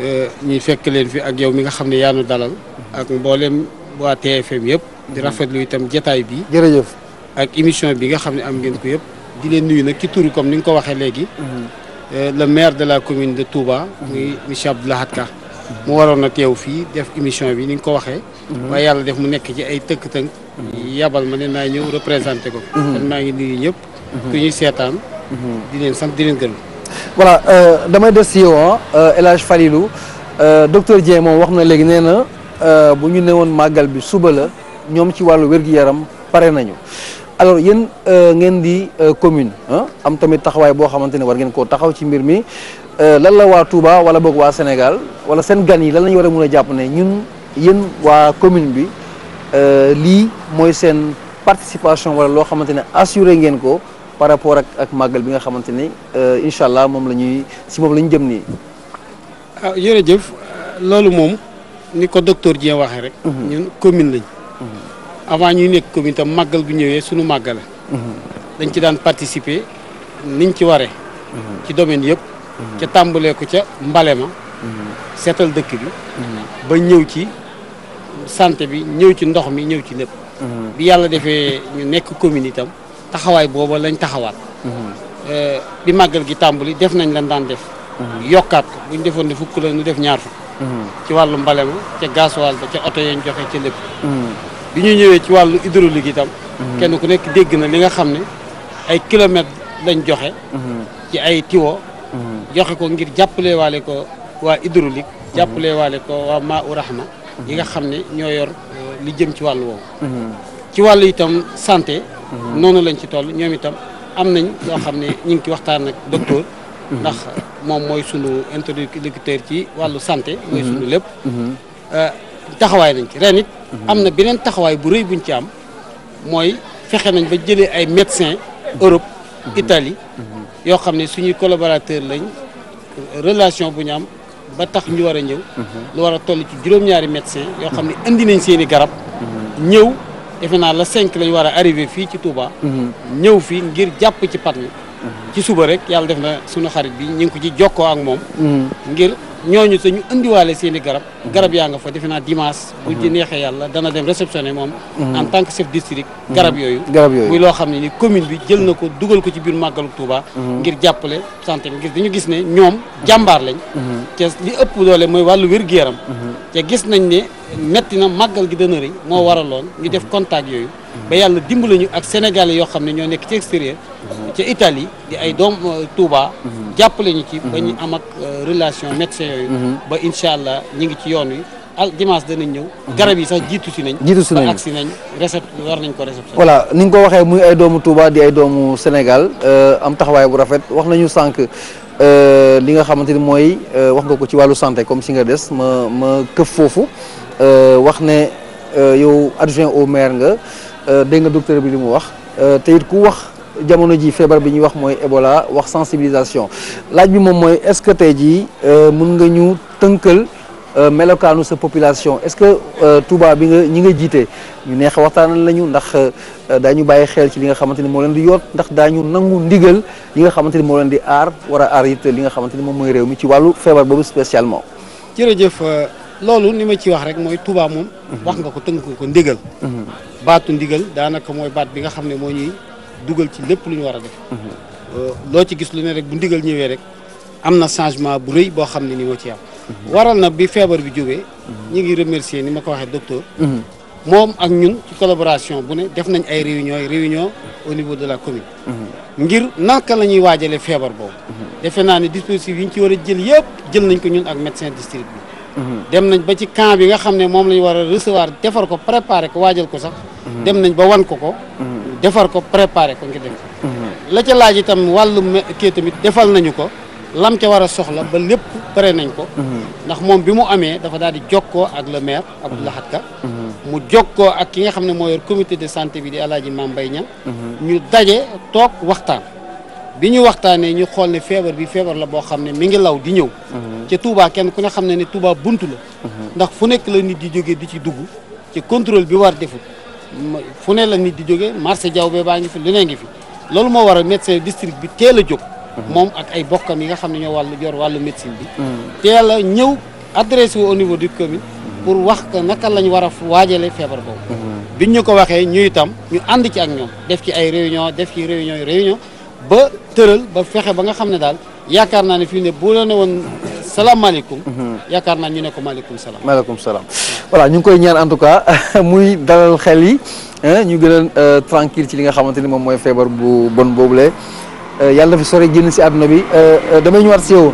euh, ñuy fekk leen fi ak yow mi nga xam ne yaanu dalal ak mbooleem waa TFM yëpp di rafetlu itam jataay bi jërëjëf ak émission bi nga xam ne am ngeen ko yëpp di leen nuyu nag ci turu comme ni nga ko waxee léegi mm-hmm. Euh, le maire de la commune de Touba. muy monsieur Abdou Lahad Ka mu waroon a teew fii def émission bi ni nga ko waxee. Mhm. waaye yàlla def mu nekk ci ay tënk-tënk. Mhm. yabal ma ne naa ñëw représenté ko. Mhm. kon maa ngi nii ñëpp. ku ñuy seetaan. di leen sant di leen gën voilà euh, damay des si yow euh, El Hadj Falilou docteur Dieng moom wax na léegi nee na bu ñu woon màggal bi suba la ñoom ci wàllu wér-gu-yaram pare nañu. alors yéen euh, ngeen di euh, commune am tamit taxawaay boo xamante ne war ngeen koo taxaw ci mbir mi euh, lan la waa Touba wala boog waa Sénégal wala seen gan yi lan la ñu war a mën jàpp ne ñun yéen waa commune bi lii mooy seen participation wala loo xamante ne assuré ngeen ko par rapport ak ak màggal bi nga xamante ni incha allah moom la ñuy si moom la ñu jëm nii. ah jërëjëf loolu moom ni ko docteur Dieng waxee rek. Mhm. ñun commune lañ. Mhm. avant ñuy nekk commune tam màggal bu ñëwee suñu màggal dañ ci daan participer niñ ci waree. ci domaine yëpp. ca tàmbalee ko ca mbale ma. seetal dëkk bi. ba ñëw ci santé bi ñëw ci ndox mi ñëw ci lépp. bi yàlla defee ñu nekk commune itam taxawaay booba lañ taxawaat. Eh, bi màggal gi tàmbali def nañ lan daan def. yokkaat ko bu ñu defoon ne fukk la ñu def ñaar fukk. ci wàllu mbale ma ca gasoil ba ca oto yañ joxe ca lépp. bi ñu ñëwee ci wàllu hydraulique itam. Mhm. kenn ku nekk dégg na li nga xam ne ay kilomètres lañ joxe. Mhm. ci ay tiwo mhm. joxe ko ngir jàppale waale ko waa hydraulique. jàppale waale ko waa maa u rahma yi nga xam ne ñoo yor euh, li jëm ci wàllu woowu. ci wàllu itam santé. noonu lañ ci toll ñoom itam am nañ loo xam ne ñu ngi ci waxtaan ak docteur. ndax moom mooy sunu interlocuteur ci wàllu santé. mooy sunu lépp. Euh, taxawaay nañ ci ren am na beneen taxawaay bu rëy buñ ci am mooy fexe nañ ba jëlee ay médecins Europe Italie yoo xam ne suñuy collaborateur lañ relation bu ñu am ba tax ñu war a ñëw lu war a toll ci juróom-ñaari médecins yoo xam ne indi nañ seen i garab ñëw defe naa la cinq lañ war a arrivé fii ci Touba ñëw fii ngir jàpp ci pat mi ci suba rek yàlla def na suñu xarit bi ñu ngi ko ci jokkoo ak moom ñooñu suñu indiwaale seen i garab mhm. garab yaa nga fa defe naa dimanche bu di mhm. neexee yàlla dana dem réceptionné moom mhm. en tant que chef district garab yooyu garab yooyu muy loo xam ne ni commune bi jël na ko dugal ko ci biir màggalu Touba ngir jàppale santé bi ngir dañu gis ne ñoom jàmbaar lañ te li ëpp doole mooy wàllu wér-gu-yaram te gis nañ ne metti na màggal gi dana rëy moo waraloon ñu def contact yooyu ba yàlla dimbali ñu ak sénégalais yoo xam ne ñoo nekk ci extérieur ca Italie di ay doom euh, Touba jàppale ñu ci ba ñu am ak euh, relation médecin incha allah ñi ngi ci yoon wi al dimanche danañ ñëw garab yi sax jiitu si nañ jiitu si nañ agsi nañ récept war nañ ko réception voilà ni nga ko waxee muy ay doomu Touba di ay doomu Sénégal euh, am taxawaay bu rafet wax nañu sànq li nga xamante ni mooy wax nga ko ci wàllu santé comme si nga des ma ma këf foofu Euh, wax ne euh, yow adjoint au maire nga euh, dégg nga docteur bi li mu wax te ku wax jamono ji feebar bi ñuy wax mooy Ebola wax sensibilisation laaj bi moom mooy est-ce que tey jii mën nga ñu tënkal melokaanu sa population est-ce que Touba bi nga ñi nga jiite ñu neex waxtaanal lañu ndax daañu bàyyi xeel ci li nga xamante ni moo leen di yoot ndax daañu nangu ndigal li nga xamante ni moo leen di aar war a aar it li nga xamante ni moom mooy réew mi ci wàllu feebar boobu s jërëjëf. loolu ni ma ci wax rek mooy Touba moom. Mhm. wax nga ko tënk ko ndigal. Mhm. baatu ndigal daanaka mooy baat bi nga xam ne moo ñuy dugal ci lépp lu ñu war a def. Mhm. Euh, loo ci gis lu ne rek bu ndigal ñëwee rek am na changement bu rëy boo xam ne ni moo ci am. waral na bi feebar bi jógee. ñi ngi remercier ni ma ko waxee docteur. moom ak ñun ci collaboration bu ne def nañ ay réunions réunion au niveau de la commune. ngir naka la ñuy waajalee feebar boobu. defe naa ne dispositif yi ñu ci war a jël yëpp jël nañ ko ñun ak médecin district bi. dem nañ ba ci camp bi nga xam ne moom la ñu war a recevoir defar ko préparer ko waajal ko sax. dem nañ ba wan ko ko. defar ko préparer ko ngir dem la ca laaj itam wàllum kii tamit defal nañu ko lam ca war a soxla ba lépp pare nañ ko. ndax moom bi mu amee dafa daal di jokkoo ak le maire Abdou Lahad Ka mu jokkoo ak ki nga xam ne moo yor de santé bi di El Hadj Mame Mbaye Niang ñu daje toog waxtaan. bi ñu waxtaanee ñu xool ne feebar bi feebar la boo xam ne mi ngi law di ñëw mhm. ca Touba kenn ku ne xam ne ne Touba bunt la mhm. ndax fu nekk la nit di jógee di ci dugg ci contrôle bi war defut fu ne la nit di jógee marché jawbe baa ngi fi lu ne ngi fi loolu moo war a médecin district bi teel a jóg mhm. moom ak ay bokkam yi nga xam ne ñoo wàllu jor wàllu médecine bi tee a ñëw adressé au niveau du commune pour wax que naka lañ war a waajale feebar boobu biñ ñu ko waxee ñu itam ñu ànd ci ak ñoom def ci ay réunion def ci réunion réunion ba tëral ba fexe ba nga xam ne daal yaakaar naa ne fii ne boo la ne woon salaamaaleykum. yaakaar naa ñu ne ko maaleykum salaam. maaleykum salaam voilà ñu ngi koy ñaan en tout cas (laughs) muy dalal xel yi ñu gën a euh, tranquille ci li nga xamante ni moom mooy feebar bu bon boobule. Euh, yàlla fi sore génn si àdduna bi euh, damay ñëwaat si yow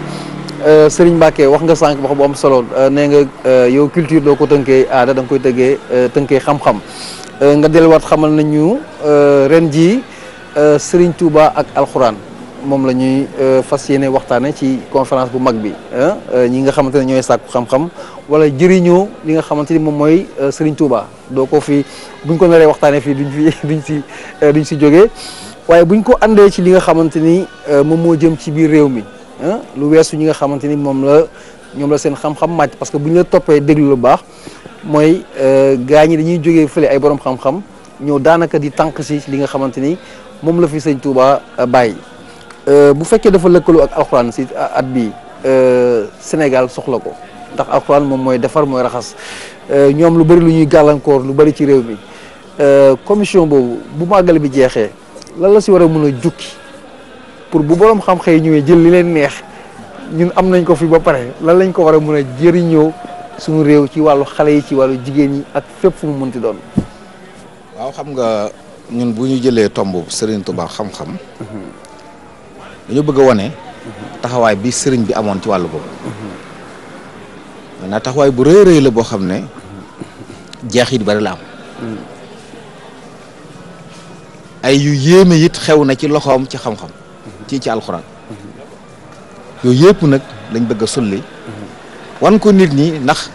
sëriñ Mbacke wax nga sànq wax bu am solo nee nga yow culture doo ko tënkee aada danga nga koy tëggee tënkee xam-xam nga delluwaat xamal nañu ren ji Euh, Serigne Touba ak alxuraan moom la ñuy euh, fas yéene waxtaane ci conférence bu mag bi euh, ñi nga xamante ne ñooy sàkku xam-xam wala jëriñoo li nga xamante ni moom mooy Serigne Touba doo ko fi buñ ko naree waxtaanee fii duñ fi (laughs) duñ si duñ si jógee waaye buñ ko àndee ci li nga xamante ni moom moo jëm ci biir réew mi lu weesu ñi nga xamante ni moom la ñoom la seen xam-xam màcc parce que bu ñu la toppee déglu lu baax mooy gaa ñi dañuy jógee fële ay borom xam-xam ñëw daanaka di tànk si li nga xamante ni moom la fi sëñ Touba euh, bàyyi euh, bu fekkee dafa lëkkaloo ak alxuraan si at bi euh, Sénégal soxla ko ndax alxuraan moom mooy defar mooy raxas ñoom lu bari lu ñuy gàllankoor lu bari ci réew mi commission boobu bu màggal bi jeexee lan la si war a mën a jukki pour bu borom xam-xam yi ñëwee jël li leen neex ñun am nañ ko fi ba pare lan lañ ko war a mën a jëriñoo suñu réew ci wàllu xale yi ci wàllu jigéen ñi ak fépp fu mu mënti doon. waaw xam nga. ñun bu ñu jëlee tomb Serigne Touba xam-xam dañu bëgg a wone taxawaay bi sëriñ bi amoon ci wàllu boobu maanaam taxawaay bu rëy rëy la boo xam ne jeexit bari la am ay yu yéeme it xew na ci loxoom ci xam-xam ci ci alxuraan yooyu yëpp nag lañ bëgg a sulli wan ko nit ñi ndax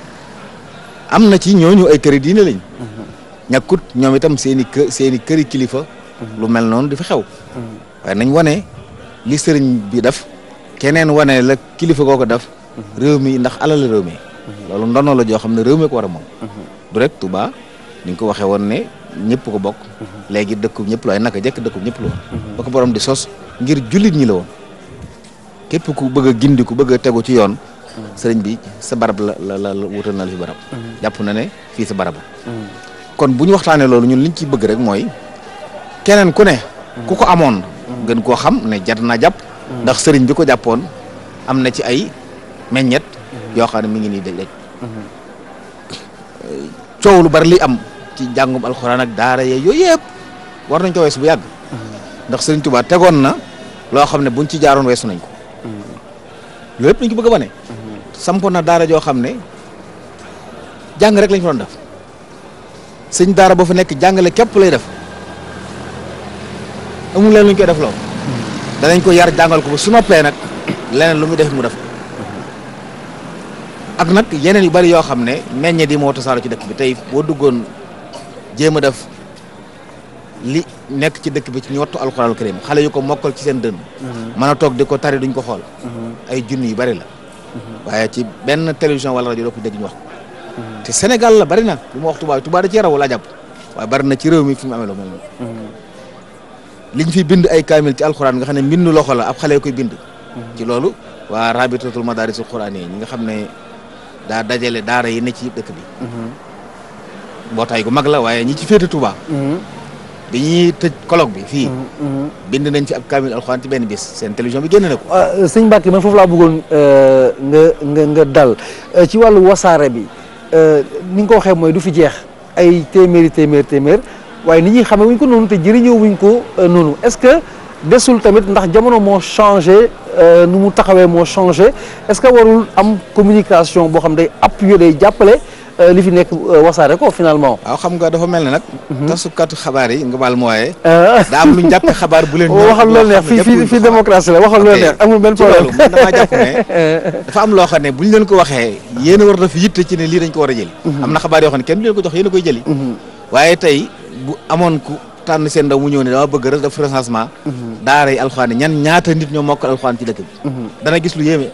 am na ci ñooñu ay këri diine lañ ñàkkut ñoom itam seen i kë seen i këri kilifa. lu mel noonu di fi xew. waaye nañ wane li sëriñ bi def keneen wane la kilifa koo ko def. réew mi ndax alal la réew mi. loolu ndono la joo xam ne réew mi ko war a ko waxee woon ne ñëpp ko bokk. léegi dëkkub ñëpp la ay naka jekk dëkkub ñëpp la woon. ba di sos ngir jullit ñi la woon. képp ku bëgg gindi ku bëgg a tegu ci yoon. sëriñ bi sa barab la la la wutal na la fi barab. jàpp na ne fii sa barab kon bu ñu waxtaanee loolu ñun liñ ciy bëgg rek mooy keneen ku ne. ku ko amoon. gën koo xam ne jar na jàpp. ndax sëriñ bi ko jàppoon am na ci ay meññet. yoo xam ne mi ngi nii daj daj. coow lu bari li am ci jàngum alxuraan ak daara yee yooyu yëpp war nañ ko weesu bu yàgg. ndax sëriñ Tuubaa tegoon na loo xam ne buñ ci jaaroon weesu nañ ko. loolu nañ ko bëgg a wane. sampoon na daara joo xam ne jàng rek lañ fa doon def. sëñ daara ba fa nekk jàngale képp lay def amul leen lu koy def loo danañ ko yar jàngal ko ba su noppee nag leneen lu muy def mu def ak nag yeneen yu bari yoo xam ne meññe di moo tasaaro ci dëkk bi tey boo duggoon jéem a def li nekk ci dëkk bi ci ñu wattu alxuraanul karim xale yu ko mokkal ci seen dënn mhm. mën a toog di ko tari duñ ko xool mhm. ay junni yu bari la mhm. waaye ci benn télévision wala rajo doo ko dégg ñu wax te Sénégal la bari na lu ma wax Touba Touba da cee raw laa jàpp waaye bari na ci réew mi fi mu amee lu mel liñ fi bind ay kaamil ci alxuraan nga xam ne mbindu loxo la ab xale koy ci loolu waa rabitatul madarisul xuraan ñi nga xam ne daa dajale daara yi ne ci dëkk bi bootaay gu mag la waaye ñi ci féete Touba bi ñuy tëj colloque bi fii bind nañ fi ab kaamil alxuraan ci benn bis seen télévision bi génn na ko euh, sëñ Mbacke man foofu laa bëggoon euh, nga nga euh, ci wàllu wasaare bi ni nga ko waxee mooy du fi jeex ay téeméeri téeméer téeméer waaye nit ñi xamee wuñ ko noonu te jëriñoo wuñ ko euh, noonu est-ce que desul tamit ndax jamono moo changé euh, nu mu taxawee moo changé est-ce que warul am communication boo xam day appuyer day jàppale. Euh, li fi nekk euh, wasaare ko finalement. waaw xam nga dafa mel ne nag. Mhm. tasukatu xabaar yi nga baal ma waaye. Euh. (laughs) daa am lu ñu jàpp xabaar bu (laughs) waxal loo neex fii fii la waxal (laughs) loo neex am a war na fi ci lii dañ ko war a jëli. Mhm. yoo xam ne kenn du leen ko jox yéen koy jëli. Mhm. waaye tey bu amoon ku tànn seen daw mu ñëw ne dama bëgg rek def recensement. daara yi alxuraan yi ñan ñaata nit ñoo mokkal alxuraan ci dëkk bi. dana gis lu yéeme.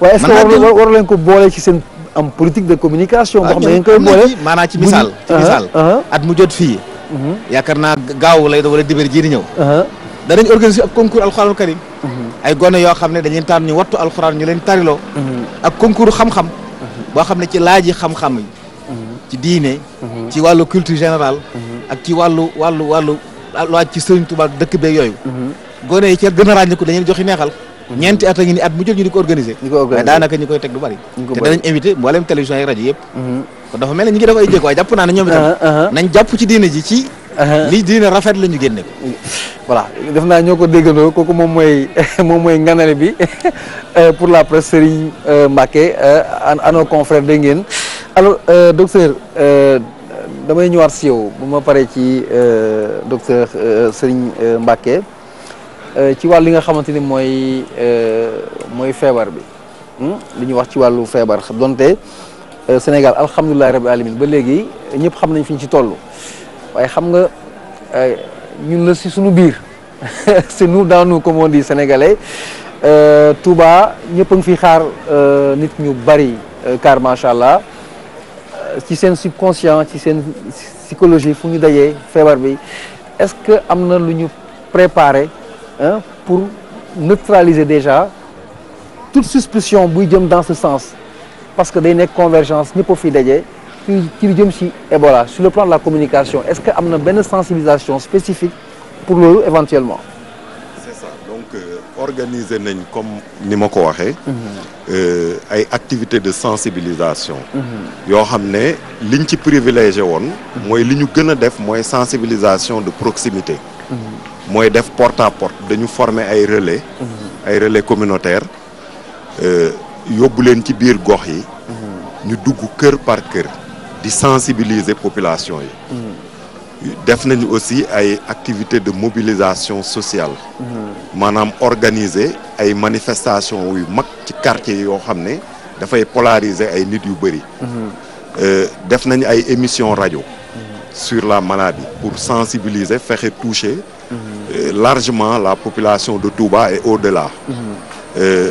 waaye est war leen ko boole ci seen am politique de communication. boo xam ne ci misaal. at mu jot fii. yaakaar naa gaaw lay doon wala dibéer jii di ñëw. danañ organiser ab concours alxuraanul karim ay gone yoo xam ne dañuy tànn ñu wattu alxuraan ñu leen tariloo. ak concours xam-xam. boo xam ne ci laaj yi xam-xam yi. ci diine. ci wàllu culture générale. ak ci wàllu wàllu wàllu ci Sëriñ Tuubaa dëkk bee yooyu. gone yi ci gën a ràññeeku dañuy joxe neexal. ñeenti at a ngi ni at mu jël ñu di ko organiser mais daanaka ñi koy teg du bari te danañ invité mboolem télévision yi rajo yëpp mhm. kon dafa mel ne ñi ngi def a jéego waaye jàpp naa ne ñoom itam uh-huh, uh-huh. nañ jàpp ci diine ji ci uh-huh. lii diine rafet la ñu génne ko voilà def naa ñoo ko déggandoo kooku moom mooy (laughs) moom mooy nganale bi (laughs) euh, pour la presse Serigne euh, Mbacké à euh, nos confrères dégg ngeen alors docteur damay ñëwaat si yow bu ma paree ci docteur Serigne Mbacké Euh, ci wàll li nga xamante ni mooy euh, mooy feebar bi hmm? li ñuy wax ci wàllu feebar donte euh, Sénégal alhamdulilah rabbi alamin ba léegi ñëpp xam nañ fi ñu ci toll waaye xam nga ñun la si suñu biir (laughs) c'est nu dans nous comme on dit sénégalais Touba ñëpp a ngi fi xaar nit ñu bari car macha allah ci seen subconscient ci seen psychologie fu ñu dajee feebar bi est-ce que am na lu ñu préparé. hein, pour neutraliser déjà toute suspicion buy jëm dans ce sens parce que day nekk convergence ñëpp a fi daje ci ci jëm ci Ebola sur le plan de la communication est-ce que am na benn sensibilisation spécifique pour loolu éventuellement. c'est ça donc euh, organiser nañ comme ni ma ko waxee. Mhm. Euh, ay activités de sensibilisation. Mhm. yoo xam ne liñ ci privilégié woon. Mhm. mooy li ñu gën a def mooy sensibilisation de proximité. mooy def porte à porte dañu former ay relais. Mhm. ay relais communautaire euh, yóbbu leen ci biir gox yi. Mhm. ñu dugg kër par kër di sensibiliser population yi. Mhm. def nañu aussi ay activités de mobilisation sociale. maanaam organiser ay manifestations yu mag ci quartier yoo xam ne dafay polariser ay nit yu bëri. Euh, def nañ ay émissions rajo. sur la maladie pour sensibiliser fexe toucher. Euh, largement la population de Touba et au-delà. Mm-hmm. Euh,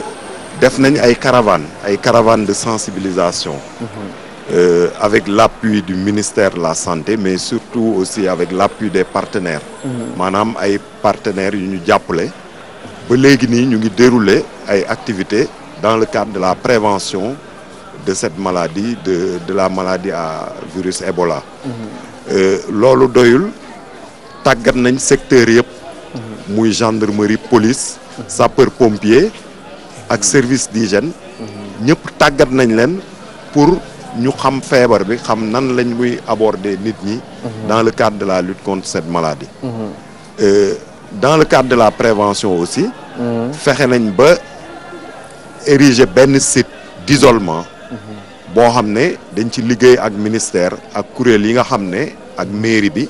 def nañ ay caravanes ay caravanes de sensibilisation. Mm-hmm. Euh, avec l'appui du ministère de la santé mais surtout aussi avec l'appui des partenaires. Mm-hmm. maanaam ay partenaires yu ñu jàppale. ba léegi nii ñu ngi dérouler ay activités dans le cadre de la prévention de cette maladie de de la maladie à virus Ebola. Euh, loolu doyul tàggat nañ secteur yëpp. muy gendarmerie police sapeur pompier ak service d'hygiène ñëpp tàggat nañ leen pour ñu xam feebar bi xam nan lañ muy aborder nit ñi dans le cadre de la lutte contre cette maladie euh, dans le cadre de la prévention aussi fexe nañ ba ériger benn site d'isolement boo xam ne dañ ci liggéey ak ministère ak kuréel yi nga xam ne ak mairie bi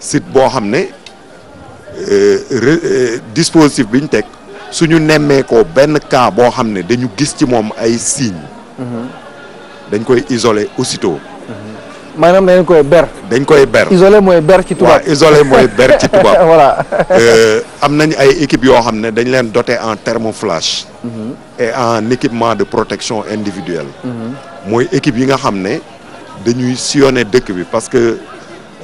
site boo xam ne Euh, euh, dispositif bi ñu teg suñu nemmeekoo benn cas boo xam ne dañu gis ci moom ay signes. Mhm. dañ koy isolé aussitôt. Mhm. maanaam dañ koy ber. dañ koy ber isolé mooy ber ci tubaab waaw isolé mooy ber ci (laughs) euh, am nañ ay équipes yoo xam ne dañ leen doté en thermoflash. Mhm. et en équipement de protection individuelle. mooy équipe yi nga xam ne dañuy sillonner dëkk bi parce que.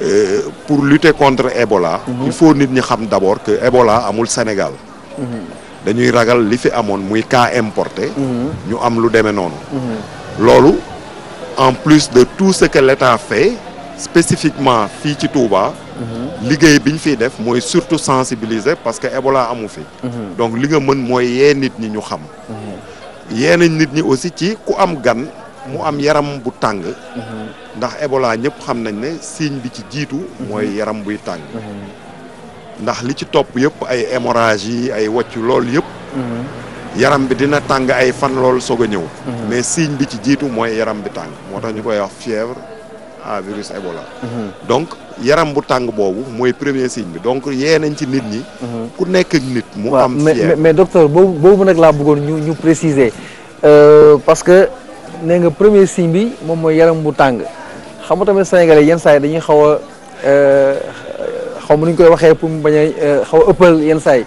Euh, pour lutter contre ébola mhm. il faut nit ñi xam d'abord que Ebola amul Sénégal. Mhm. dañuy ragal li fi amoon muy cas importé. Mhm. ñu am lu demee noonu. loolu en plus de tout ce que l'État fait spécifiquement fii ci Touba. liggéey bi ñu fiy def mooy surtout sensibiliser parce que ébola amu fi. donc li nga mën mooy yee nit ñi ñu xam. yee nañ nit ñi aussi ci ku am gan mu am yaram bu tàng. Mhm. ndax ébola ñëpp xam nañ ne signe bi ci jiitu. Mhm. mooy yaram buy tàng. Mhm. ndax li ci topp yëpp ay hémorrages yi ay wàccu lool yëpp. yaram bi dina tàng ay fan lool soog a ñëw. mais signe bi ci jiitu mooy yaram bi tàng moo tax ñu koy wax fièvre à virus Ebola. donc yaram bu tàng boobu mooy premier signe bi donc yee nañ ci nit ñi. ku nekk ak nit mu am. fièvre boobu boobu nag laa bëggoon ñu ñu euh, parce que. nee nga premier signe bi moom mooy yaram bu tàng xam nga tamit sénégalais yenn saa dañuy xaw a euh, xaw ma nu ñu koy waxee pour mu bañ a euh, xaw a ëppal yenn saa yi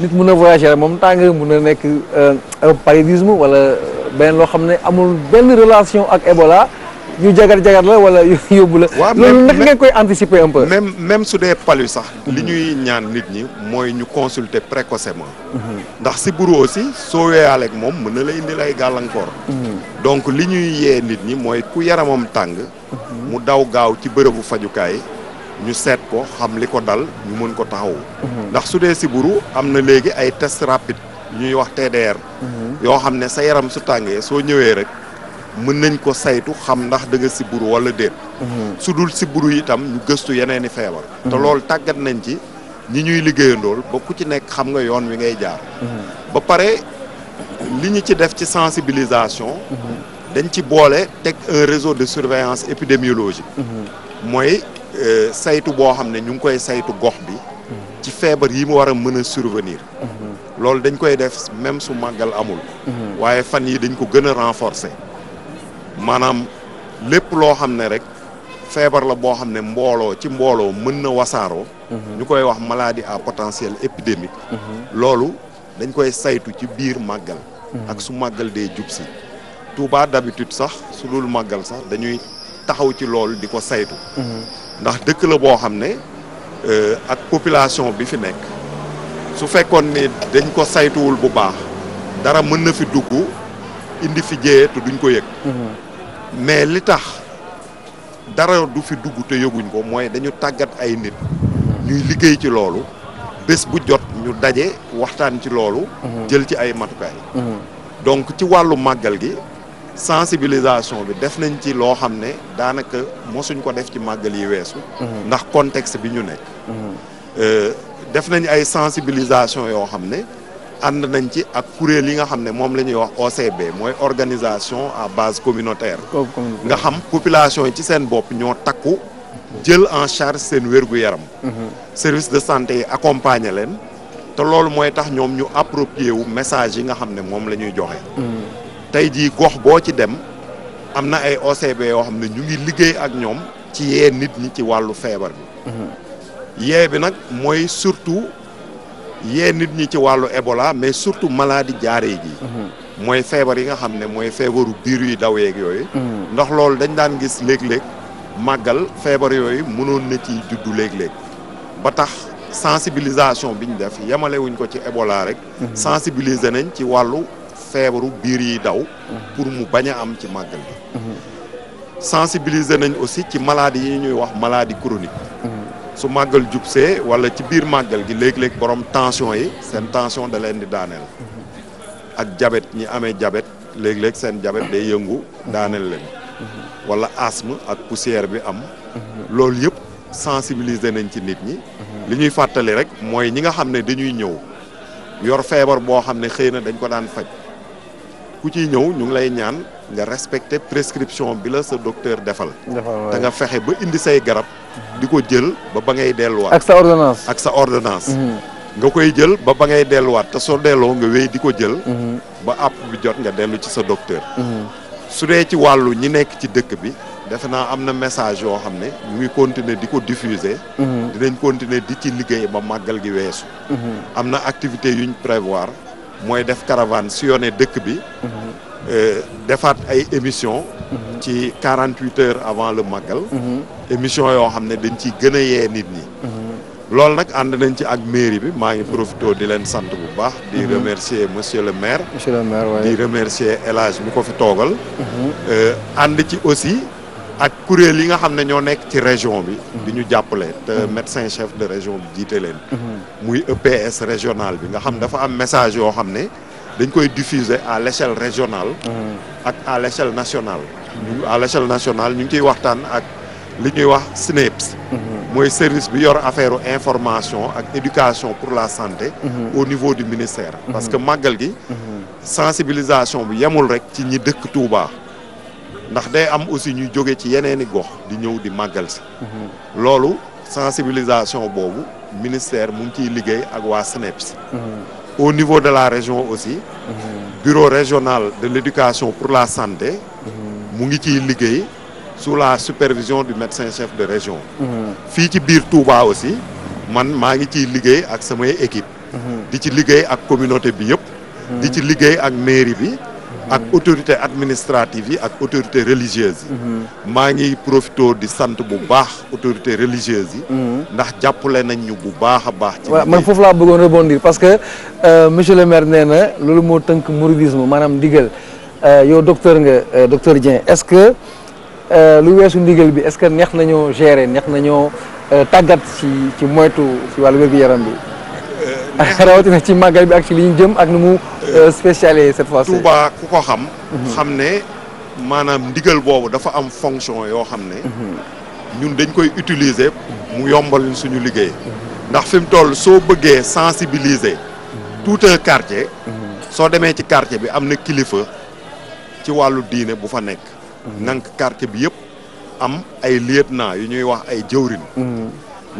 nit mun a voyager moom tàng mun na nekk euh, paludisme wala beneen loo xam ne amul benn relation ak ébola ñu jagar jagar la wala yu (laughs) yóbbu la. waaw loolu naka ngeen koy anticiper un peu. même même su dee palu sax. Mhm. li ñuy ñaan nit ñi mooy ñu consulter précocement. ndax si buru aussi soo weeyaaleeg moom mën na la indil ay gàllankoor. Mhm. donc li ñuy yee nit ñi mooy ku yaramam tàng. Mhm. mu daw gaaw ci bërëbu fajukaay. ñu seet ko xam li ko dal ñu mën ko taxawu. ndax su dee si buru am na léegi ay test rapide ñuy wax TDR. yoo xam ne sa yaram su tàngee soo ñëwee rek. mën nañ ko saytu xam ndax da nga sibbiru wala déet. Mhm. su dul sibbiru itam ñu gëstu yeneen i feebar. te loolu tàggat nañ ci ñi ñuy liggéeyandool ba ku ci nekk xam nga yoon wi ngay jaar. Mhm. ba pare li ñu ci def ci sensibilisation. Mhm. dañ ci boole teg un réseau de surveillance épidémiologique. mooy euh, saytu boo xam ne ñu ngi koy saytu gox bi. ci feebar yi mu war a mën a survenir. loolu dañ koy def même su màggal amul. waaye fan yi dañ ko gën a renforcer. maanaam lépp loo xam ne rek feebar la boo xam ne mbooloo ci mbooloo mën na wasaaroo. Mhm. ñu koy wax maladie à potentiel épidémique. Mhm. loolu dañ koy saytu ci biir màggal. Mhm. ak su màggal dee jub si. Touba d'habitude sax su dul màggal sax dañuy taxaw ci lool di ko saytu. ndax dëkk la boo xam ne euh, ak population bi fi nekk. su fekkoon ni dañ ko saytuwul bu baax dara mën na fi dugg indi fi jëyee te duñ ko yëg. mais li tax dara du fi dugg te yëguñ ko mooy dañu tàggat ay nit ñuy liggéey ci loolu bés bu jot ñu daje waxtaan ci loolu mhm. jël ci ay matukaay mhm. donc ci wàllu màggal gi sensibilisation bi def nañ ci loo xam ne daanaka mosuñ ko def ci màggal yi weesu mhm. ndax contexte bi ñu nekk euh, def nañ ay sensibilisation yoo xam ne ànd nañ ci ak kuréel yi nga xam ne moom la ñuy wax OCB mooy organisation à base communautaire nga xam population yi ci seen bopp ñoo takku jël en charge seen wér-gu-yaram mhm. service de santé yi accompagner leen te loolu mooy tax ñoom ñu approprier wu message yi nga xam ne moom la ñuy joxe mhm. tey jii gox boo ci dem am na ay OCB yoo xam ne ñu ngi liggéey ak ñoom ci yee nit ñi ci wàllu feebar bi mhm. yee bi nag mooy surtout yee nit ñi ci wàllu Ebola mais surtout maladie jaare ji mhm. mooy feebar yi nga xam ne mooy feebaru biir daw daweeg yooyu mhm. ndax loolu dañ daan gis léeg-léeg màggal feebar yooyu mënoon na ci juddu léeg-léeg ba tax sensibilisation bi ñu def yemale ko ci Ebola rek mhm. sensibiliser nañ ci wàllu feebaru biir yiy daw pour mu bañ a am ci màggal bi sensibiliser nañ aussi ci maladie yi ñuy wax maladie chronique su màggal jub see wala ci biir màggal gi léeg-léeg borom tension yi seen tension da leen di daaneel ak jabet ñi amee jabet léeg-léeg seen jabet day yëngu daaneel leen wala asthme ak poussière bi am loolu yëpp sensibiliser nañ ci nit ñi li ñuy fàttali rek mooy ñi nga xam ne dañuy ñëw yor feebar boo xam ne xëy na dañ ko daan faj ku ciy ñëw ñu ngi lay ñaan nga respecter prescription bi la sa docteur defal. da nga fexe ba indi say garab. di ko jël ba ba ngay delluwaat. ak sa ordonnance ak sa ordonnance. Mhm. nga koy jël ba ba ngay delluwaat te soo delloo nga wéy di ko jël. Mhm. ba àpp bi jot nga dellu ci sa docteur. Mhm. su dee ci wàllu ñi nekk ci dëkk bi. defe naa am na message yoo xam ne ñu ngi continuer di ko diffuser. dinañ continuer di ci liggéey ba màggal gi weesu. am na yu ñu prévoir. mooy def caravane sillonné dëkk bi. Euh, defaat ay émission ci quarante huit heures avant le màggal. émission yoo xam ne dañ ci gën a yee nit ñi. loolu nag ànd nañ ci ak mairie bi maa ngi profité di leen sant bu baax. di mhm. remercier monsieur le maire. monsieur le maire waaye di remercier El Hadj ko fi toogal. Mhm. Euh, ànd ci aussi. ak kuréel yi nga xam ne ñoo nekk ci région bi. di ñu jàppale te mhm. médecin chef de région bi jiite leen. Mhm. muy EPS régional bi nga xam dafa am message yoo xam ne dañ koy diffuser à l'échelle régional mhm. ak à léchel nationale. ñu à l'échelle nationale ñu ngi koy waxtaan ak li ñuy wax SNEIPS. E mooy service bi yor affaire information ak éducation pour la santé. au niveau du ministère. parce que màggal gi. sensibilisation bi yemul rek ci ñi dëkk Touba. ndax day am aussi ñuy jóge ci yeneeni gox di ñëw di màggal si loolu sensibilisation boobu ministère mu ngi ciy liggéey ak waa SNEIPS au niveau de la région aussi bureau régional de l'éducation pour la santé mu ngi ciy liggéey su la supervision du médecin chef de région fii ci biir Touba aussi man maa ngi ciy liggéey ak samay équipe di ci liggéey ak communauté bi yëpp di ci liggéey ak mairie bi ak autorité administrative yi ak autorité religieuse yi mhm. maa ngi profité di sant bu baax autorité religieuse yi mhm. ndax jàppale nañ ñu bu baax a baax ci man foofu laa bëggoon rebondir parce que euh, monsieur le maire nee na loolu moo tënk mouridisme maanaam ndigal euh, yow docteur nga euh, docteur Dieng est-ce que lu weesu ndigal bi est-ce que neex nañoo gérer neex nañoo tàggat ci ci moytu ci wàll wér-gu-yaram bi rawatina ci màggal bi ak ci li ñu jëm ak nu mu euh, spécialisé cette fois-ci. ku ko xam. xam ne maanaam ndigal boobu dafa am fonction yoo xam ne. ñun dañ koy utiliser mu yombal suñu liggéey. ndax fi mu toll soo bëggee sensibiliser. tout un soo demee ci quartier bi am na kilifa ci wàllu diine bu fa nekk. nank quartier bi yëpp am ay lieutenant yu ñuy wax ay jëwrin mm-hmm.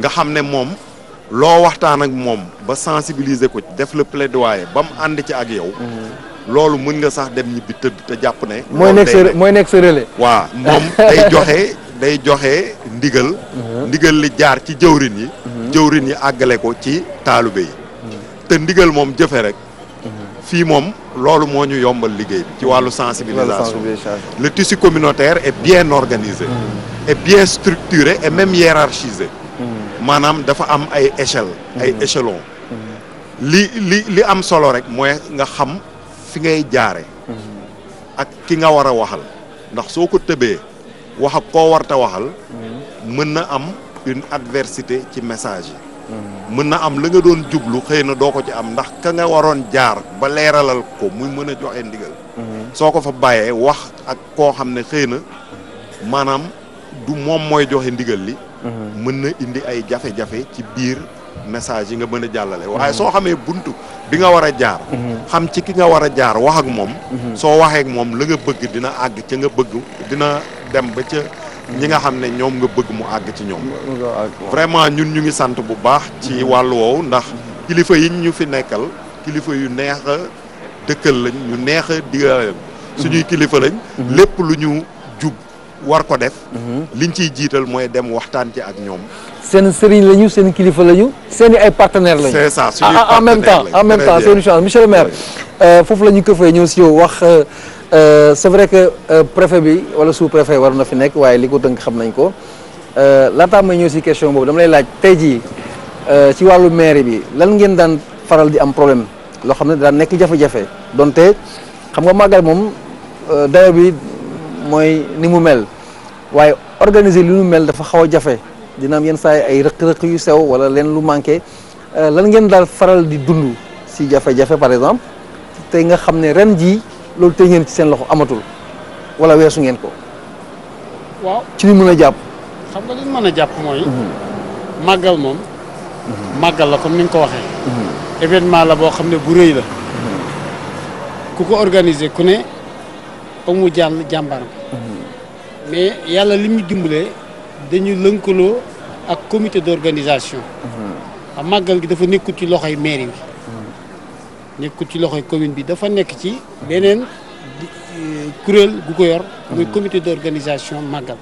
nga xam ne moom. loo waxtaan ak moom ba sensibiliser ko def le plaidoyer ba mu ànd ci ak yow. loolu mën nga sax dem ñibbi tëdd te jàpp ne. mooy nekk sa mooy nekk sa relais. waaw moom day joxe day joxe ndigal. Mhm. ndigal li jaar ci jëwrin yi. Mhm. jëwrin yi àggale ko ci taalibe yi. Mhm. te ndigal moom jëfe rek. fii moom loolu moo ñu yombal liggéey ci wàllu sensibilisation le tissu communautaire et bien organisé. et bien structuré et même hiérarchisé. maanaam dafa am ay échelle ay mm-hmm. échelon mm-hmm. li li li am solo rek mooy nga xam fi ngay jaare mm-hmm. ak ki nga war a waxal ndax soo ko tëbee wax ak koo warta waxal mën na am une adversité ci message yi mën na am la nga doon jublu xëy na doo ko ci am ndax ka nga waroon jaar ba leeralal ko muy mën a joxe ndigal soo ko fa bàyyee wax ak koo xam ne xëy na maanaam du moom mooy joxe ndigal li mën na indi ay jafe-jafe ci biir message yi nga mën a jàllale waaye soo xamee buntu bi nga war a jaar xam ci ki nga war a jaar wax ak moom soo waxee moom la nga bëgg dina àgg ca nga bëgg dina dem ba ca ñi nga xam ne ñoom nga bëgg mu àgg ci ñoom vraiment ñun ñu ngi sant bu baax ci wàll woowu ndax kilifa yi ñu fi nekkal kilifa yu neex a dëkkal lañ ñu neex a mm-hmm. suñuy kilifa lañ mm-hmm. lépp lu ñu war ko def. Mhm. liñ ciy jiital mooy dem waxtaan ci ak ñoom. seen sëriñ lañu seen kilifa lañu. seen i ay partenaires lañu. c'est ah, ah, en même temps en même temps c'est une chance monsieur le maire. Euh, foofu la ñu këfee ñëw si yow wax euh, euh, c'est vrai que préfet bi wala sous-préfet war na fi nekk waaye li ko tënk xam nañ ko laataa may ñëw si question boobu dama lay laaj tey jii ci wàllu maire bi lan ngeen daan faral di am problème loo xam ne daan nekk jafe-jafe donte xam nga màggal moom dayo bi mooy ni mu mel. waaye organiser li ñu mel dafa xaw a jafe dina am yenn saa ay rëq-rëq yu sew wala leen lu manqué euh, lan ngeen daal faral di dund si jafe-jafe par exemple tey nga xam ne ren ji loolu tey ngeen ci seen loxo amatul wala weesu ngeen ko. waaw ci li mën a jàpp. mën a jàpp mooy. Mhm. màggal moom. Mhm. màggal la comme ni nga ko waxee. Mhm. événement la boo xam ne bu rëy la. ku ko organiser ku ne ba mu jàll jàmbaram. mais yàlla li ñu dimbalee dañu lënkaloo ak comité d'organisation. xam mm-hmm. màggal gi dafa nekkul ci loxoy mairie bi. Mm-hmm. nekkut ci loxoy commune bi dafa nekk ci beneen euh, kuréel gu ko yor. Mm-hmm. muy comité d'organisation màggal.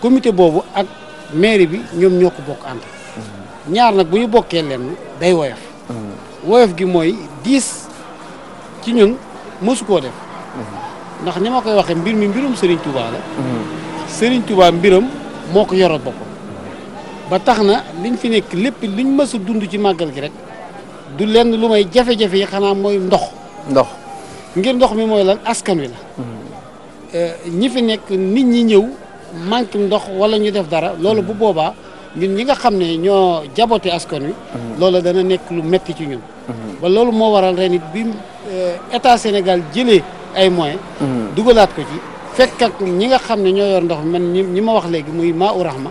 comité boobu ak mairie bi ñoom ñoo ko bokk ànd. ñaar nag bu ñu bokkee lenn day woyof. woyof gi mooy diis ci ñun mësu koo def. ndax ni ma koy waxee mbir mi mbirum Serigne Touba la. Mhm. Serigne Touba mbiram moo ko yoral boppam. ba tax na liñ fi nekk lépp liñ mës a dund ci màggal gi rek du lenn lu may jafe-jafe yi xanaa mooy ndox. ndox ngir ndox mi mooy lan askan wi la. Mhm. Euh, ñi fi nekk nit ñi ñëw manque ndox wala ñu def dara loolu bu mhm. boobaa ñun ñi nga xam ne ñoo jabote askan wi. loolu dana nekk lu metti ci ñun. ba loolu moo waral ren bi euh, état Sénégal jëlee. ay moyens. Mm-hmm. dugalaat ko ci fekk ak ñi nga xam ne ñoo yor ndox mi man ñi ma wax léegi muy maa u ma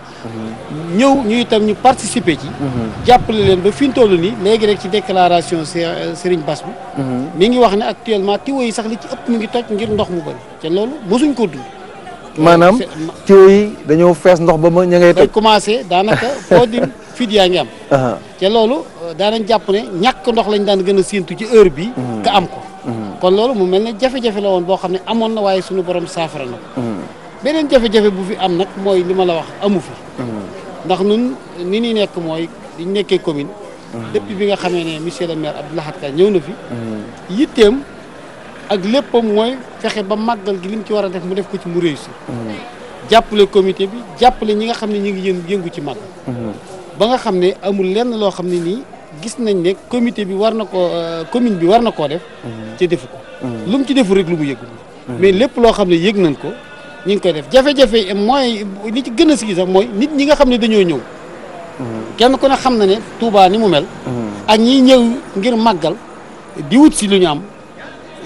ñëw ñu itam ñu participer ci. Mm-hmm. jàppale leen ba fi ñu toll nii léegi rek ci déclaration Serigne Bass bi. Mm-hmm. mi ngi wax ne actuellement tiwo yi sax li ci ëpp mu ngi toj ngir ndox mu bëri te loolu mosuñ koo dund. maanaam tuyaux yi dañoo fees ndox ba ma ña ngay toj commencé daanaka (laughs) foo di fit yaa ngi am uh-huh. te loolu euh, daanañ jàpp ne ñàkk ndox lañ daan gën a séentu ci heure bi ka am ko Mm-hmm. kon loolu mu mel ne jafe-jafe la woon boo xam ne amoon na waaye suñu borom saafara na mm-hmm. beneen jafe-jafe bu fi am nag mooy li ma la wax amu fi mm-hmm. ndax nun ni ñuy nekk mooy diñ nekkee commune depuis bi nga xamee ne monsieur le maire Abdou Lahad Ka na fi yitteem ak léppam mooy fexe ba màggal gi lim ci war a def mu def ko ci mu réussir jàppale comité bi jàppale ñi nga xam ne ñu ngi yëngu ci mag ba nga xam ne amul lenn loo xam ne nii gis nañ ne commité bi war na ko euh, commune bi war na koo def mhm. ci defu ko mhm. lu mu ci defu rek lu mu yëgul mhm. mais lépp loo xam ne yëg nañ ko ñu ngi koy def jafe-jafe mooy li ci gën a sigi mooy nit ñi nga xam ne dañoo ñëw kenn ku ne xam na ne Touba ni mu mel ak ñiy ñëw ngir màggal di wut si lu ñu am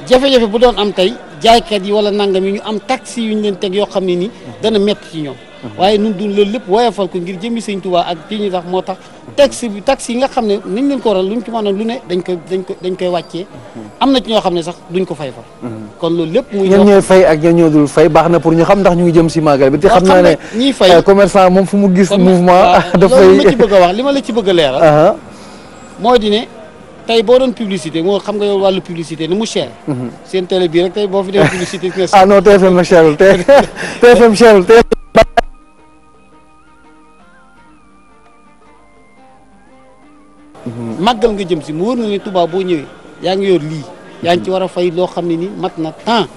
jafe-jafe bu doon am tey jaaykat yi wala nangam yi ñu am taxi yu ñu leen teg yoo xam ne nii dana métti ci ñoom waaye nun duñ loolu lépp woyofal ko ngir jëmi sëñ Tuubaa ak ci ñu tax moo tax taxe bi taxe yi nga xam ne nañ leen ko waral luñ ci maanaam lu ne dañ koy dañ koy dañ koy mhm. am na ñoo xam ne sax duñ ko fay far mhm. kon loolu lépp muy ñoom ñooy fay ak ñoom fay baax na pour ñu xam ndax ñu ngi jëm si màggal bi te xam naa ne ñiy fay euh, commerçant moom fu mu gis mouvement (laughs) dafay loolu ma ci bëgg a wax li ma la ci bëgg a leeral (laughs) uh-huh. moo di ne tey boo doon publicité moo xam nga yow wàllu publicité ni mu cher. Mhm. seen télé bii tey boo fi def publicité. (laughs) ah non TFM nag cherul TFM màggal nga jëm si mu wër na ne Touba boo ñëwee yaa ngi yoor lii yaa ngi ci war a fay loo xam ne ni mat na temps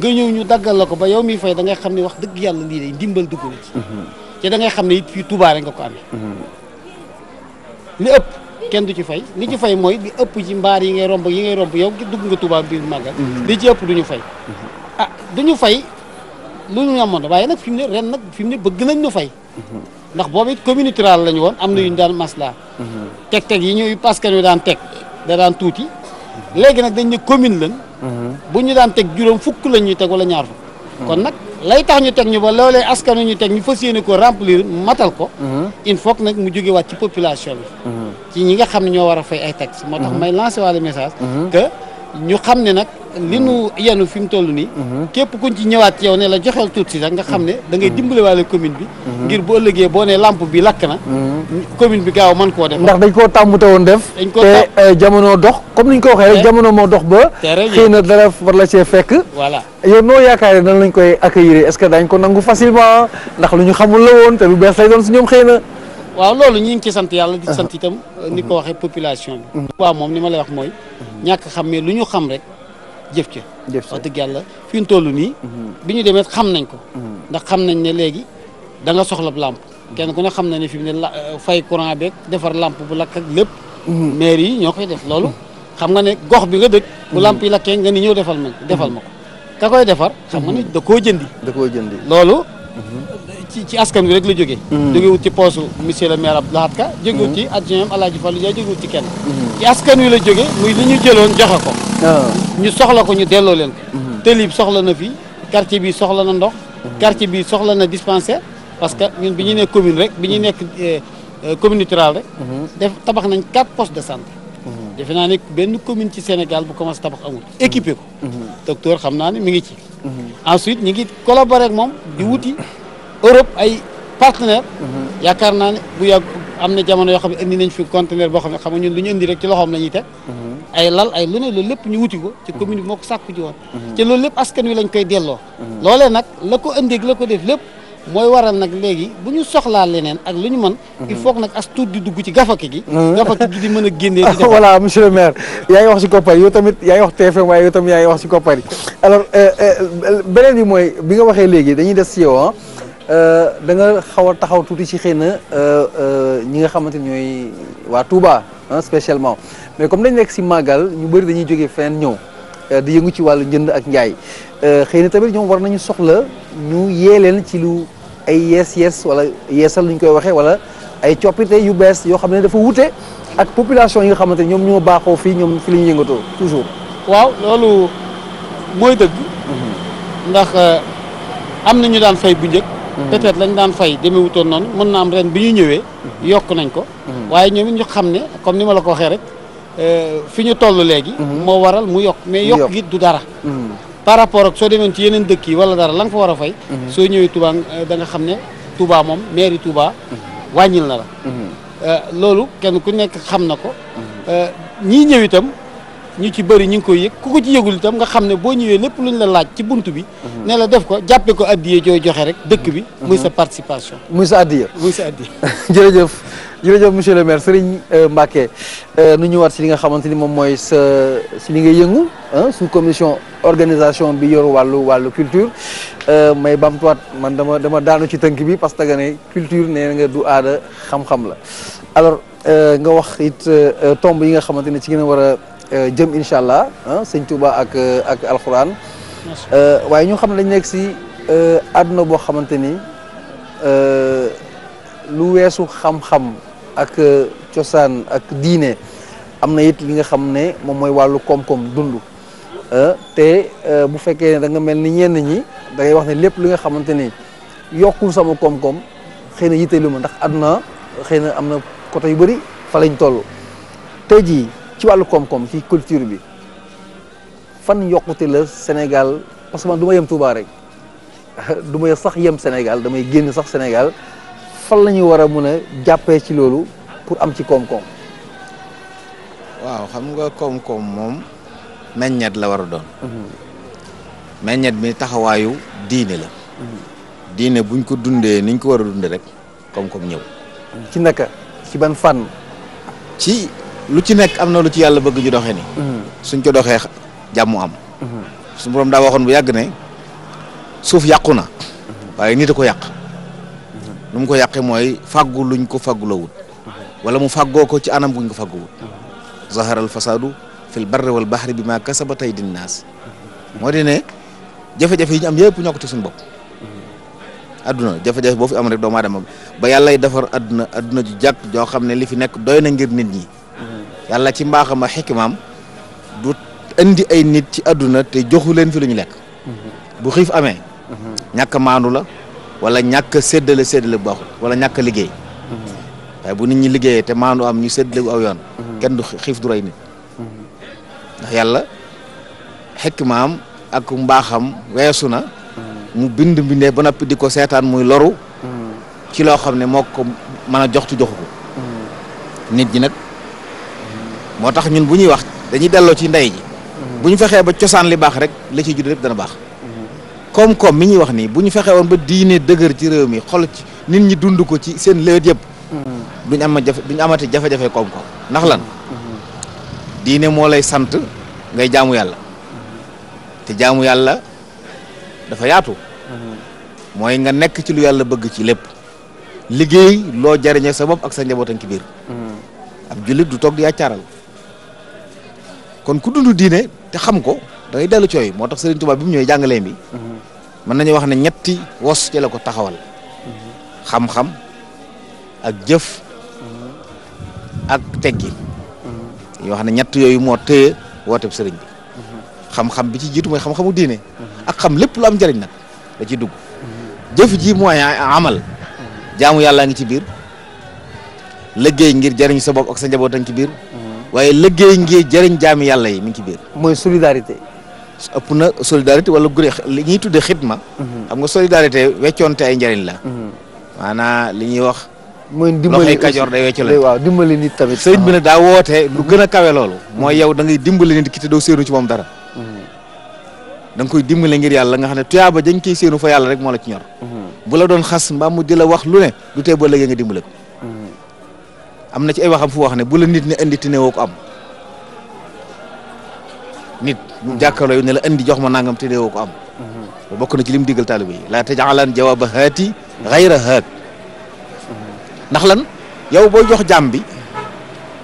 nga ñëw ñu daggal la ko ba yow mii fay da ngay xam ni wax dëgg yàlla lii day ndimbal dugg na ci mhm. te da ngay xam ne it fii nga ko amee mhm. li ëpp kenn du ci fay ni ci fay mooy li ëpp ci mbaar yi ngay romb yi ngay romb yow dugg nga Touba biir màggal mhm. li ci ëpp du ñu fay ah du ñu fay lu ñu amoon waaye nag fi mu ne ren nag fi mu ne bëgg nañ ñu fay ndax boobu it commune rurale la ñu woon am na yu ñu daan masla mhm. teg-teg yi ñuy askan wi daan teg da daan tuuti léegi nag dañ ne commune lañ mhm. bu ñu daan teg juróom fukk lañ ñuy teg wala ñaar fukk mhm. kon nag lay tax ñu teg ñu ba loolee askan wi ñu teg ñu fa yéene ko remplir matal ko il faut que mu jóge waat ci population la ci ñi nga xam ne ñoo war a fay ay taxes moo tax may lancé waale message ñu xam ne nag li nu yenu fi mu toll nii mhm. képp kuñ ci ñëwaat yow ne la joxeel tuut si sax nga xam ne mhm. da ngay mhm. dimbale waale commune bi ngir bu ëllëgee boo ne lampe bi lakk na commune bi gaaw man koo def ndax dañ koo tàmmute woon def te euh, jamono dox comme ñu ko waxee rek jamono moo dox ba xëy na dara war la cee fekk voilà yow noo yaakaar nan lañ koy accueillir est-ce que ko nangu facilement ndax lu ñu xamul la woon te lu bees lay doon si ñoom xëy na waaw loolu sant yàlla di uh-huh. sant itam euh, ni uh-huh. waxee population bi uh-huh. waaw moom ni ma wax mooy ñàkk xam mais lu ñu xam rek jëf ca wax dëgg yàlla fi ñu toll nii mhm. bi ñu demee xam nañ ko mhm. ndax xam nañ ne léegi da nga soxla làmp kenn ku ne xam na ne fii mu ne euh, fay courant beeg defar làmp bu lakk ak lépp mhm. maire yi ñoo koy def loolu xam nga ne gox bi nga dëkk bu làmp yi lakkee nga ni ñëw defal ma defal ma ko ka koy defar xam nga ne da koo jëndi da koo jëndi loolu ci ci askan wi rek la jógee hmm. jógewut ci poosu monsieur le maire Abdou Lahad Ka jógewut hmm. ci adjoint Alaaji Fallou Ndiaye jógewut ci kenn hmm. ci askan wi la jóge muy li ñu jëloon joxe ko ah. ñu soxla ko ñu delloo leen ko tëlib soxla na fii quartier bi soxla na ndox quartier bi soxla na dispensaire parce que ñun bi ñu nekk commune rek bi ñu nekk eh, eh, communauté rurale rek def tabax nañ quatre postes de santé defe naa ne benn commune ci Sénégal bu commencé tabax amul équipé ko docteur xam naa ne mi ngi ci ensuite ñi wuti Europe ay partenaire mhm. yaakaar naa ne bu yàgg am na jamono yoo xam ne indi nañ fi conteneur boo xam ne xam nga ñun lu ñu indi rek ci loxoom la ñuy teg mhm. ay lal ay lu ne loolu lépp ñu wuti ko ci commune bi moo ko sàkku ji woon mhm. te loolu lépp askan wi lañ koy delloo loolee nag la ko indi la ko def lépp mooy waral nag léegi bu ñu soxlaa leneen ak lu ñu mën il faut nag as tuut di dugg ci gafaki gi gafake gi di mën a génnee di (laughs) voilà monsieur le maire yaa ngi wax si tamit yaa ngi wax TFM waaye yow wax si koppar yi alors euh, euh, beneen bi mooy bi nga waxee léegi dañu def si yow ah. Euh, da nga xaw a taxaw tuuti ci xëy na euh, euh, ñi nga xamante ni ñooy waa Touba spécialement mais comme dañ nekk si màggal ñu bëri dañuy jógee feneen ñëw di yëngu ci wàllu njënd ak njaay xëy na tamit ñoom war nañu soxla ñu yee leen ci lu ay yees yees wala yeesal luñ koy waxee wala ay coppite yu bees yoo xam ne dafa wute ak population yi nga xamante ni ñoom ñoo baaxoo fii ñoom fi la ñu yëngatoo toujours. waaw loolu mooy dëgg. Mhm. ndax am na ñu daan fay bu njëkk. peut-être lañ daan fay demewutoon noonu mën na am ren bi ñu ñëwee mhm. yokk nañ ko mhm. waaye ñoom it ñu xam ne comme ni ma la ko waxee rek euh, fi ñu toll léegi mhm. moo waral mu yokk mais yokk gi du dara par rapport ak soo demee ci yeneen dëkk yi wala dara la nga fa war a fay soo ñëwee Touba euh, da nga xam ne Touba moom mairie Touba wàññil na la euh, loolu kenn ku nekk xam na ko ñii ñëw itam ñu ci bëri ñu ngi koy yëg ku ko ci yëgul itam nga xam ne boo ñëwee lépp luñ la laaj ci bunt bi mhm. ne la def ko jàppe ko addiye jooy joxe rek dëkk bi mhm. muy sa participation muy sa addiye muy sa addiye (laughs) jërëjëf jërëjëf monsieur le maire Serigne euh, Mbacké euh, nu ñu war si li nga xamante ni moom mooy sa si li nga yëngu sous commission organisation bi yor wàllu wàllu culture euh, may bamtuwaat man dama dama daanu ci tënk bi parce que ne culture nee nga du aada xam-xam la alors nga wax it tomb yi nga xamante ne ci ngeen war a Euh, jëm incha allah ah sëñ Touba ak euh, ak alxuraan. Euh, waaye ñu xam ne dañ nekk si àdduna boo xamante ni lu weesu xam-xam ak cosaan ak diine am na it li nga xam ne moom mooy wàllu koom-koom dund. te bu fekkee ne da nga mel ni ñenn ñi da wax ne lépp li nga xamante ni yokkul sama koom-koom xëy na yitteelu ma ndax àdduna xëy na am na côté yu bëri fa lañ toll tey jii. ci wàllu koom-koom ci culture bi fan yokkute la Sénégal parce que man yem Touba rek (laughs) du ma sax yem Sénégal damay génn sax Sénégal fan la ñu war a mën a jàppee ci loolu pour am ci koom-koom. waaw xam nga koom-koom moom meññet la war a doon. meññet bi taxawaayu diine la. diine buñ ko dundee niñ ko war a dundee rek koom-koom ñëw. ci naka ci ban fànn. ci lu ci nekk am na lu ci yàlla bëgg ñu doxee nii. Mm-hmm. suñ ko doxee jàmm am. Mm-hmm. suñu borom daa waxoon bu yàgg ne suuf yàqu na. Mm-hmm. waaye nit a ko yàq. nu mu ko yàqee mooy fàggu luñ ko fàggulawut. wala mu fàggoo ko ci anam guñ ko fàgguwut. zaharal fasadu fil barri wal bahri bi ma kasabat aydin naas. moo di ne jafe-jafe yi am yëpp ñoo ko ci suñu bopp. adduna jafe-jafe boo fi am rek doomu aadama ba yàlla yàllay defar adduna adduna ju jàkk joo xam ne li fi nekk doy na ngir nit ñi. yàlla ci mbaaxam ak xikmaam du indi ay nit ci àdduna te joxu leen fi lu ñu lekk. bu xiif amee. ñàkk maandu la wala ñàkk séddale séddale bu baaxul wala ñàkk liggéey. waaye bu nit ñi liggéeyee te maandu am ñu séddale gu aw yoon. kenn du xiif du nit. yàlla xikmaam ak mbaaxam weesu na. mu bind bindee ba noppi di ko seetaan muy loru. ci loo xam ne moo ko mën a jox tu joxu ko. nit ñi nag. moo tax ñun bu ñuy wax dañuy delloo ci ndey ji bu ñu fexee ba cosaan li baax rek la ciy judd lépp dana baax koom-koom mi ñuy wax nii bu ñu fexee woon ba diine dëgër ci réew mi xol ci nit ñi dund ko ci seen léwét yëpp duñ am jafe duñ amati jafe-jafe koom-koom ndax lan diine moo lay sant ngay jaamu yàlla te jaamu yàlla dafa yaatu mooy nga nekk ci lu yàlla bëgg ci lépp liggéey loo jariñe sa bopp ak sa njaboot ak ci biir ab jullit du toog di yàccaaral kon ku dund diine te xam ko da ngay dellu cooy moo tax Serigne Touba bi mu ñëwee jàngalee bi mhm. mën nañu wax ne ñetti wos ci ko taxawal mhm. xam-xam ak jëf mhm. ak teggi yoo xam ne ñett yooyu moo téye wooteeb sëriñ bi xam-xam bi ci jiitu mooy xam-xamu diine ak xam lépp lu am njëriñ nag da dugg jëf ji mooy amal jaamu yàllaa ngi ci biir liggéey ngir jariñ sa bopp ak sa njaboot a ci biir waaye liggéey ngi jëriñ jaam yàlla yi mi ngi ci biir. mooy solidarité. ëpp na solidarité wala gure li ñuy tuddee xidma. Mhm. xam nga solidarité weccoonte ay njëriñ la. Mhm. maanaam li ñuy wax. mooy dimbali loxoy kajoor day weccu la waaw dimbali nit tamit. sëriñ bi nag daa woote lu mhm. gën a kawe loolu. mooy yow da ngay dimbali nit ki te doo séenu ci moom dara. da nga koy dimbale ngir yàlla nga xam ne tuyaaba dañ koy séenu fa yàlla rek moo la ci ñor. bu la doon xas mbaa mu di la wax lu ne du tee ba nga dimbale am na ci ay waxam fu wax ne bu la nit ne indi tinewoo ko am nit jàkkaloo ne la indi jox ma nangam tinewoo ko am mhm. bokk na ci lim diggal taalibe yi laa tajaalan jawaaba haati xayra haat ndax lan yow boo jox jàmm bi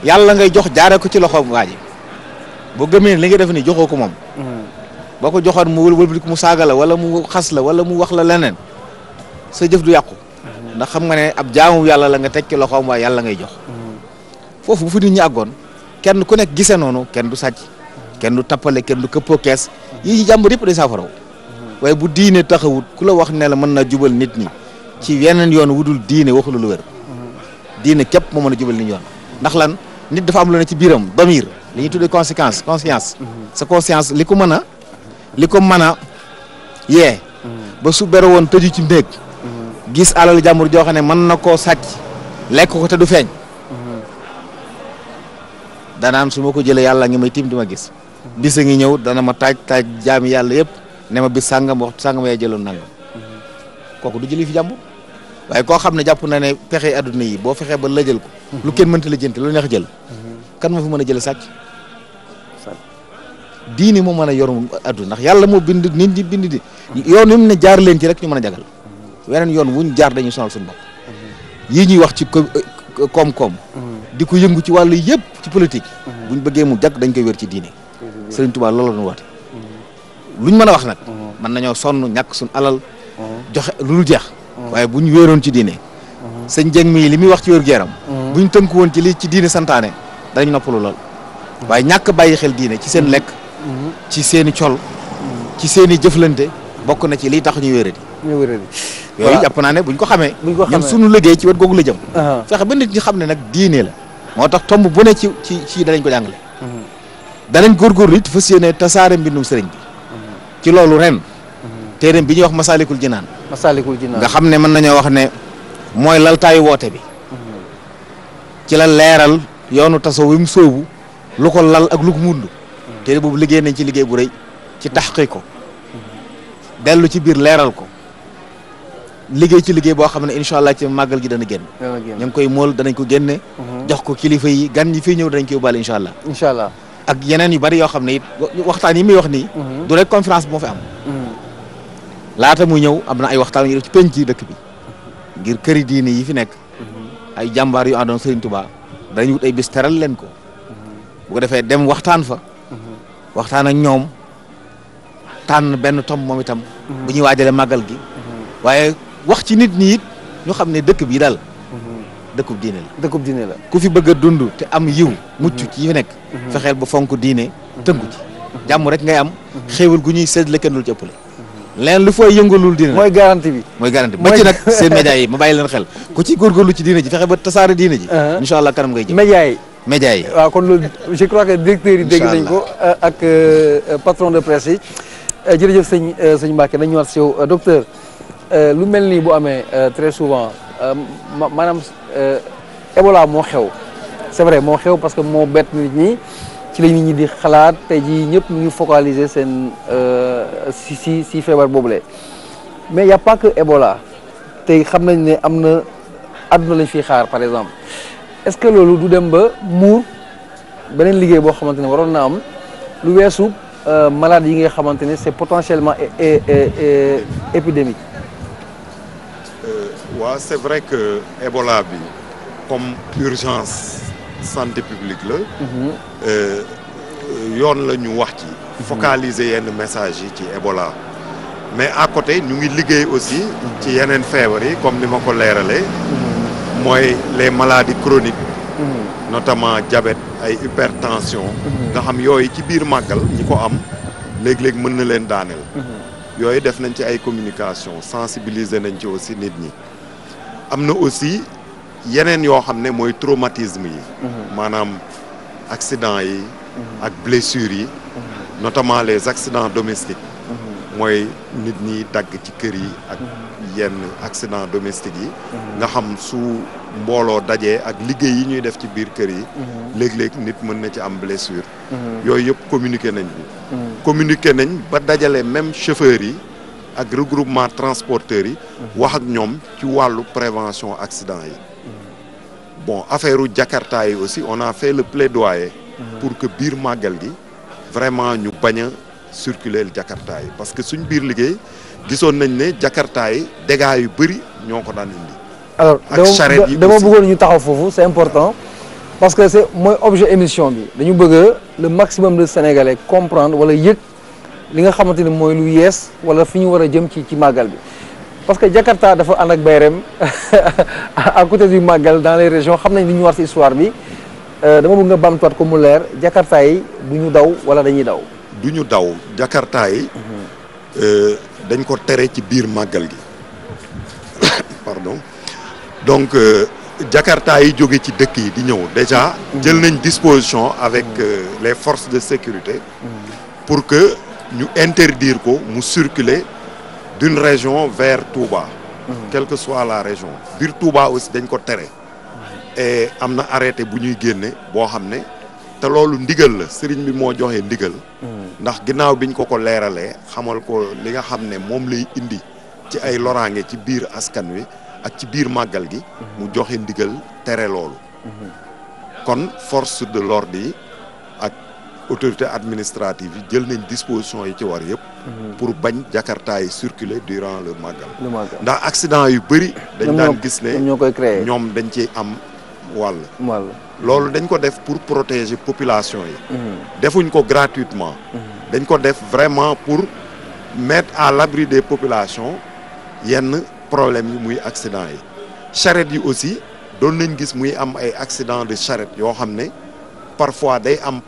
yàlla nga jox jaare ko ci loxoom waa ji boo gëmee li nga def ni joxoo ko moom mhm. boo ko joxoon mu wëlbatiku mu saaga la wala mu xas la wala mu wax la leneen sa jëf du yàqu mhm. ndax xam nga ne ab jaamu yàlla la nga teg ci loxoom waaye yàlla ngay jox foofu bu fa nit kenn ku nekk gisee noonu kenn du sàcc kenn du tappale kenn du këppoo kees yi jàmbur yëpp day saafaraw waaye bu diine taxawut ku la wax ne la mën naa jubal nit ñi ci yeneen yoon wudul diine waxula lu wér diine képp moom mën a jubal nit yoon ndax lan nit dafa am lu ne ci biiram bamir li ñuy tuddee conséquence conscience sa conscience li ko mën a li ko mën a yee ba su bere woon tëju ci néeg gis alal jàmbur joo xam ne mën na koo sàcc lekk ko te du feeñ danaan su ma ko jëlee yàlla ngi may tiim di ma gis bis a ngi ñëw dana ma taaj taaj jaam yàlla yëpp ne ma bis sàngam waxtu sàngam yaa jëloon nangam kooku du jëli fi jàmbur waaye koo xam ne jàpp na ne pexe adduna yi boo fexee ba la jël ko lu kenn mënta la jënte lu neex jël kan moo fi mën a jële sàcc diini moo mën a yor adduna ndax yàlla moo bind nit ñi bind di yoon wi mu ne jaar leen ci rek ñu mën a jagal weneen yoon wuñ jaar dañuy sonal suñu bopp yii ñuy wax ci koom-koom di ko yëngu ci wàll yëpp ci politique. Mhm. buñ bëggee mu jag dañ koy wér ci diine. Mhm. Serigne Touba loolu la ñu mhm. luñ mën a wax nag. mën nañoo sonn ñàkk suñ alal. joxe lu dul jeex. waaye bu ñu wéeroon ci diine. sëñ Dieng mii li muy wax ci wér gu buñ tënk woon ci li ci diine santaane dañ noppalu lool. waaye ñàkk bàyyi xel diine ci seen lekk. ci seen i col. ci seen i jëflante. bokk na ci li tax ñu wéerati. ñu wéerati yooyu jàpp naa ne buñ ko xamee. buñ ko xamee ñun suñu liggéey ci wet googu la jëm. Uh-huh. fexe ba nit ñi xam ne nag diine la. moo tax tomb bu ne ci ci ci danañ ko jàngale danañ góorgóorlu it fas yéene tasaare mbindum sëriñ bi ci loolu ren téeréem bi ñuy wax masaalikul jinaan masaalikul jinaan nga xam ne mën nañoo wax ne mooy laltaayu woote bi ci la leeral yoonu taso wi mu sóobu lu ko lal ak lu ko mund téere boobu liggéey nañ ci liggéey bu rëy ci taxqiq ko dellu ci biir leeral ko liggéey ci liggéey boo xam ne incha allah ci màggal gi dana génn ñu ngi koy mool danañ ko génne mhm. jox ko kilifa yi gan yi fi ñëw danañ ko yóbbaale incha allah ak yeneen yu bari yoo xam ne it waxtaan yi muy wax ni mhm. du rek conférence bi moo fi am mhm. laata muy ñëw am na ay waxtaan yu def ci penc dëkk bi ngir këri diini yi fi nekk ay jàmbaar yu àndoon Serigne Touba danañ wut ay bis teral leen ko bu defee dem waxtaan fa waxtaan ak ñoom tànn benn tomb moom itam bu ñuy waajalee màggal gi wax ci nit ñi it ñu xam ne dëkk bi daal mhm. dëkkub diine la dëkkub diine la ku fi bëgg dund te am yiw mhm. mucc ci yi nekk mhm. fexeel ba fonk diine tënku ci jàmm rek ngay am xéewal gu ñuy séddale kenn dul ci ëppale leen lu fooy yëngalul diine mooy garantie bi mooy garantie bi mooy ci nag seen média yi ma bàyyi leen xel ku ci góorgóorlu ci diine ji fexe ba tasaare diine ji uh-huh. incha allah kanam ngay jëm média yi média yi waaw kon loolu je crois que directeurs yi dégg nañ ko euh, ak euh, patron de euh, jërëjëf sëñ sëñ Mbacke dañ ñëwaat si yow docteur Euh, lu mel nii boo amee euh, très souvent euh, maanaam Ebola moo xew c'est vrai moo xew parce que moo bet nit ñi ci la nit ñi di xalaat tey jii ñëpp ñuy focaliser seen si si si feebar boobule mais y a que Ebola tey xam nañ ne am na àdduna lañ fiy xaar par exemple est-ce que loolu du dem ba muur beneen liggéey boo xamante ne waroon na am lu weesu malade yi nga xamante ne c'est potentiellement épidémique waa c'est vrai que ébola bi comme urgence santé publique la. Mhm. Euh, yoon la ñu wax ci. focaliser yenn message yi ci ébola mais à côté ñu ngi liggéey aussi. ci yeneen feebar yi comme ni ma ko leeralee. Mhm. mooy les maladies chroniques. Mhm. notamment diabète ay hypertension. nga xam yooyu ci biir màggal ñu ko am léeg-léeg mën na leen daaneel. yooyu def nañ ci ay communication sensibiliser nañ ci aussi nit ñi. am na aussi yeneen yoo xam ne mooy traumatisme yi mhm. maanaam accident yi mhm. ak blessures yi mhm. notamment les accidents domestiques mooy nit ñi dagg ci kër yi ak yenn accident domestique yi nga xam su mbooloo dajee ak liggéey yi ñuy def ci biir kër yi léegi léegi nit mën na ci am blessure yooyu yëpp communiqué nañ bi communiqué nañ ba dajale même chauffeur yi ak regroupement transporteurs yi. Mhm. wax ak ñoom ci wàllu prévention accident yi. Mhm. bon affaire u Jakarta yi aussi on a fait le plaidoyer. Mhm. pour que biir màggal gi vraiment ñu bañ a circuler Jakarta yi parce que suñ biir liggéey gisoon nañ ne Jakarta yi dégâts yu bëri ñoo ko daan indi. alors dama dama bëggoon ñu taxaw foofu c'est important. parce que c'est mooy objet émission bi dañu bëgg le maximum de sénégalais comprendre wala yëg. li nga xamante ni mooy lu yees wala fi ñu war a jëm ci ci màggal bi parce que Jakarta dafa ànd ak Bayrem (laughs) à côté du màggal dans les régions xam nañ lu ñu war si histoire bi euh, dama bëgg nga bamtuwaat ko mu leer Jakarta yi du ñu daw wala dañuy daw. du ñu daw Jakarta yi. Mhm. Euh, dañ ko tere ci biir màggal gi (coughs) pardon donc euh, Jakarta yi jóge ci dëkk yi di ñëw déjà. Mhm. jël nañ disposition avec mhm. les forces de sécurité. pour que. ñu interdire ko mu circuler d'une région vers Touba. Mmh. quelle que soit la région. biir Touba aussi dañ ko tere. et am na arrêté bu ñuy génne boo xam ne te loolu ndigal la sëriñ bi moo joxe ndigal. Mhm. ndax ginnaaw biñ ko ko leeralee xamal ko li nga xam ne moom lay indi ci ay loraange ci biir askan wi ak ci biir màggal gi. Mhm. mu joxe ndigal tere loolu. Mhm. kon force de l'ordre yi. autorité administrative yi jël nañ disposition yi ci war yëpp mhm. pour bañ jakarta yi circuler durant le màggal ndax accident yu bëri dañ daan gis ne ñoom dañ ci am wall loolu dañ ko def pour protéger population yi mhm. defuñ ko gratuitement mhm. dañ ko def vraiment pour mettre à l'abri des populations yenn problème yi muy accident yi charrette yi aussi doon nañ gis muy am ay accident de charrette yoo xam ne parfois day am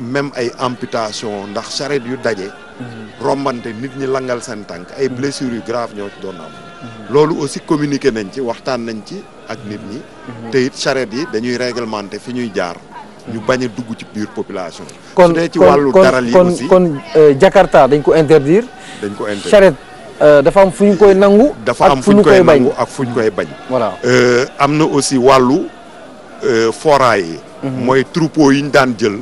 même ay amputation ndax charrette yu daje. rombante nit ñi langal seen tànk ay blessures yu grave ñoo ci doon am. loolu aussi communiquer nañ ci waxtaan nañ ci ak nit ñi. te it yi dañuy réglementé fi ñuy jaar. ñu bañ a dugg ci biir population kon su dee ci wàllu daral yi aussi kon euh, Jakarta dañ ko interdire. dañ ko interdire charrette euh, dafa am fu ñu koy nangu. dafa am fu ñu koy nangu ak fu ñu koy bañ. voilà euh, am na aussi wàllu foraay yi. Mhm. mooy troupeau yi ñu daan jël.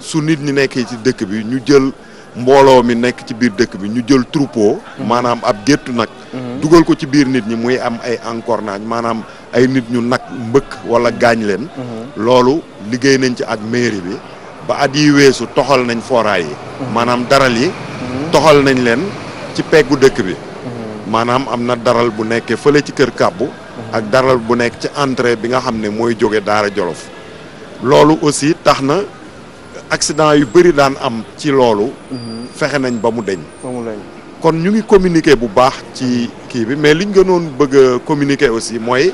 su nit ñi nekkee ci dëkk bi ñu jël mbooloo mi nekk ci biir dëkk bi ñu jël troupeau. Mhm. maanaam ab géttu nag. Mhm. dugal ko ci biir nit ñi muy am ay encore encornage maanaam ay nit ñu nag mbëkk wala gaañ leen. Mhm. loolu liggéey nañ ci ak mairie bi ba at yi weesu toxal nañ foraay yi. maanaam daral yi. toxal nañ leen ci peggu dëkk bi. maanaam am na daral bu nekkee fële ci kër kàbbu. ak daral bu nekk ci entrée bi nga xam ne mooy jóge Daara Jolof. loolu aussi tax na. accident yu bëri daan am ci loolu. fexe nañ ba mu deñ kon ñu ngi communiquer bu baax ci kii bi mais liñ gënoon bëgg a communiquer aussi mooy.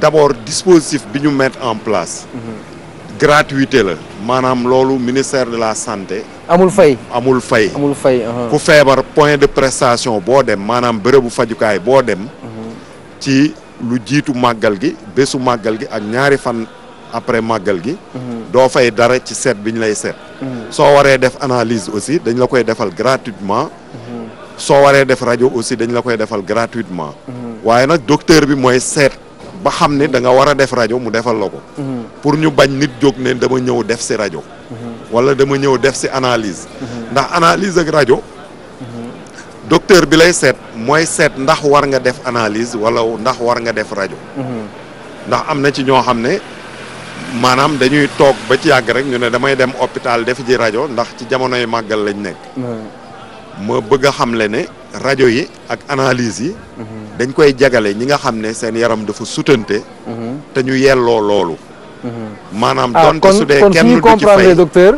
d'abord dispositif bi ñu mettre en place. gratuité la maanaam loolu ministère de la santé. amul fay amul fay. amul fay uh-huh. ku feebar point de prestation boo dem maanaam bërëbu fajukaay boo dem. Uh-huh. ci lu jiitu màggal gi bésu màggal gi ak ñaari fan après màggal gi. Mhm. doo fay dara ci seet bi ñu lay seet. Mhm. soo waree def analyse aussi dañ la koy defal gratuitement. Mhm. soo waree def rajo aussi dañ la koy defal gratuitement. waaye nag docteur bi mooy seet ba xam ni da nga war a def rajo mu defal la ko. pour ñu bañ nit jóg ne dama ñëw def si rajo. wala dama ñëw def si analyse. ndax analyse ak rajo. docteur bi lay seet mooy seet ndax war nga def analyse wala ndax war nga def rajo. ndax am na ci ñoo xam ne. maanaam dañuy toog ba ci yàgg rek ñu ne damay dem hôpital def ji rajo ndax ci jamonoy màggal lañ nekk. ma bëgg a xamle ne rajo yi ak analyse yi. Mm-hmm. dañ koy jagale ñi nga xam ne seen yaram dafa sutante. Mm-hmm. te ñu yelloo loolu. Mm-hmm. maanaam ah, donte su dee kenn du ci fay docteur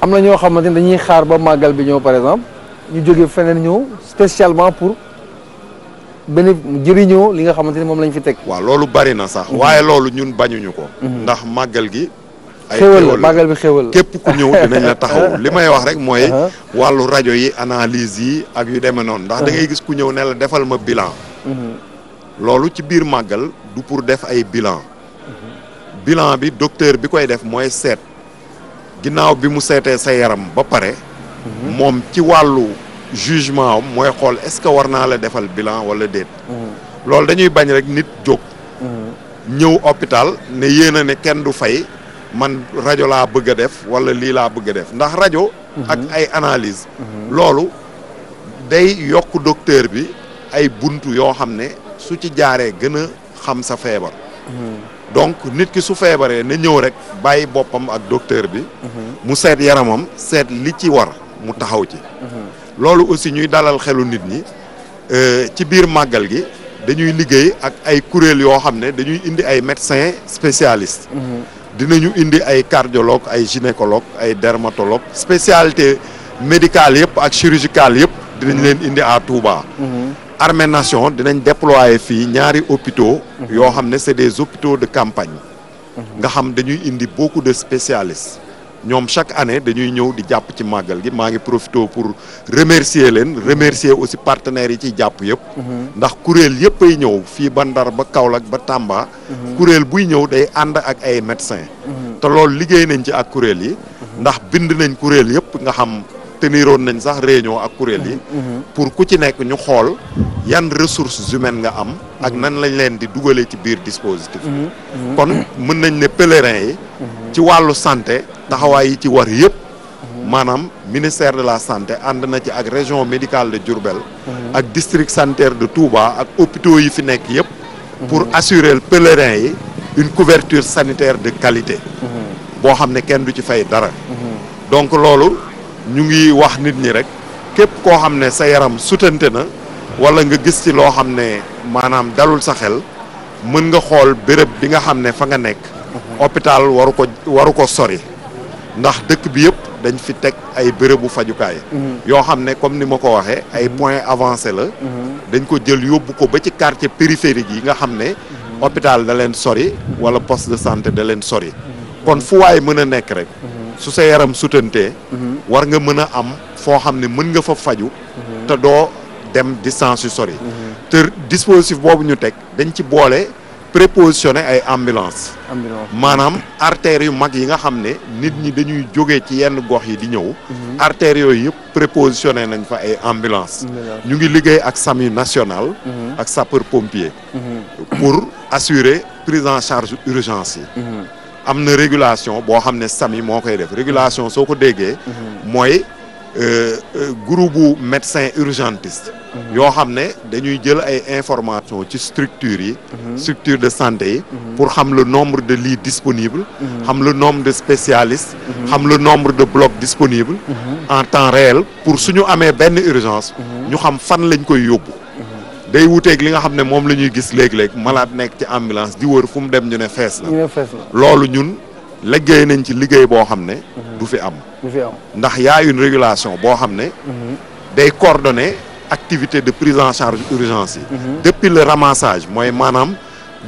am na ñoo xamante ne dañuy xaar ba màggal bi ñëw par exemple ñu jóge feneen ñëw spécialement pour. béni jëriñoo li nga xamante ne moom lañ fi teg. waaw loolu bari na sax. waaye loolu ñun bañuñu ko. Mhm. ndax màggal gi. ay xéwal màggal bi xéwal képp ku ñëw dinañ la taxaw (laughs) li may wax rek mooy. Uh-huh. wàllu rajo yi analyse yi ak yu demee noonu. ndax dangay uh-huh. gis ku ñëw ne la defal ma bilan. Mhm. loolu ci biir màggal du pour def ay bilan. Mhm. bilan bi docteur bi koy def mooy seet. ginnaaw bi mu seetee sa yaram ba pare. moom ci wàllu. jugement am mooy xool est-ce que war naa la defal bilan wala déet. Mm-hmm. loolu dañuy bañ rek nit jóg. Mm-hmm. ñëw hôpital ne yéen a ne kenn du fay man rajo laa bëgg a def wala lii laa bëgg a def ndax rajo. Mm-hmm. ak ay analyse loolu day yokk docteur bi ay bunt yoo xam ne su ci jaaree gën a xam sa feebar. donc nit ki su feebaree ne ñëw rek bàyyi boppam ak docteur bi. mu seet yaramam seet li ci war mu taxaw ci. loolu aussi ñuy dalal xelu nit ñi euh, ci biir màggal gi dañuy liggéey ak ay kuréel yoo xam ne dañuy indi ay médecins spécialistes. Mm-hmm. dinañu indi ay cardiologue ay gynécologue ay dermatologue spécialité médicale yëpp ak chirurgicale yëpp. dinañ mm-hmm. leen indi à Touba. Mm-hmm. armée nation dinañ déployer fii ñaari hôpitaux. yoo xam ne c'est des hôpitaux de campagne. nga xam dañuy indi beaucoup de spécialistes. ñoom chaque année dañuy ñëw di jàpp ci màggal gi maa ngi profité pour remercier leen remercier aussi partenaires yi ciy jàpp yëpp. Mhm. ndax kuréel yëpp ay ñëw fii ba Ndar ba Kaolack ba Tamba. Mhm. kuréel buy ñëw day ànd ak ay médecins. Mhm. te loolu liggéey nañ ci ak kuréel yi. ndax bind nañ kuréel yëpp nga xam. teniroon nañ sax réunion ak kuréel yi. Mhm. Mhm. pour ku ci nekk ñu xool yan ressources humaines nga am. ak nan lañ leen di dugalee ci biir dispositif mhm. kon mën nañ ne pèlerins yi. ci wàllu santé taxawaay yi ci war yëpp. maanaam ministère de la santé ànd na ci ak région médicale de Diourbel. ak district sanitaire de Touba ak hôpitaux yi fi nekk yëpp. pour assurer pèlerins yi une couverture sanitaire de qualité. boo xam ne kenn du ci fay dara. donc loolu. ñu ngi wax nit ñi rek képp koo xam ne sa yaram sutante na wala nga gis ci loo xam ne maanaam dalul sa xel mën nga xool béréb bi nga xam ne fa nga nekk mhm. hôpital waru ko waru ko sori ndax dëkk bi yëpp dañ fi teg ay bérébu fajukaay mhm. yoo xam ne comme ni ma ko waxee ay mhm. points avancés la dañ ko jël yóbbu ko ba ci quartier périphérique yi nga xam ne hôpital da leen sori wala poste de santé da leen sori kon fu waay mën a nekk rek su sa yaram sutantee mhm. war nga mën a am foo xam ne mën nga fa faju mhm. te doo dem distance yu sori mhm. te dispositif boobu ñu teg dañ ci boole prépositionné ay ambulance maanaam artères yu mag yi nga xam ne nit ñi dañuy jóge ci yenn gox yi di ñëw artères yooyu yëpp prépositionné nañ fa ay ambulance ñu ngi liggéey ak SAMU national ak sapeur pompier pour assurer prise en charge urgence yi am na régulation boo xam ne sami moo koy def régulation soo ko déggee. mooy euh, euh, groupe bu médecin urgentiste. yoo xam ne dañuy jël ay information ci structures yi. structure de santé yi. pour xam le nombre de lits disponibles. xam le nombre de spécialistes. xam le nombre de blocs disponibles. en temps réel pour suñu amee benn urgence. ñu xam fan lañ koy yóbbu. day wuteeg li nga xam ne moom la ñuy gis léeg-léeg malade nekk ci ambulance di wër fu mu dem ñu ne fees na loolu ñun liggéey nañ ci liggéey boo xam ne mhm. du fi am du fi am ndax yaa une régulation boo xam ne mhm. day coordonner activité de prise en charge urgence yi mhm. depuis le ramassage mooy maanaam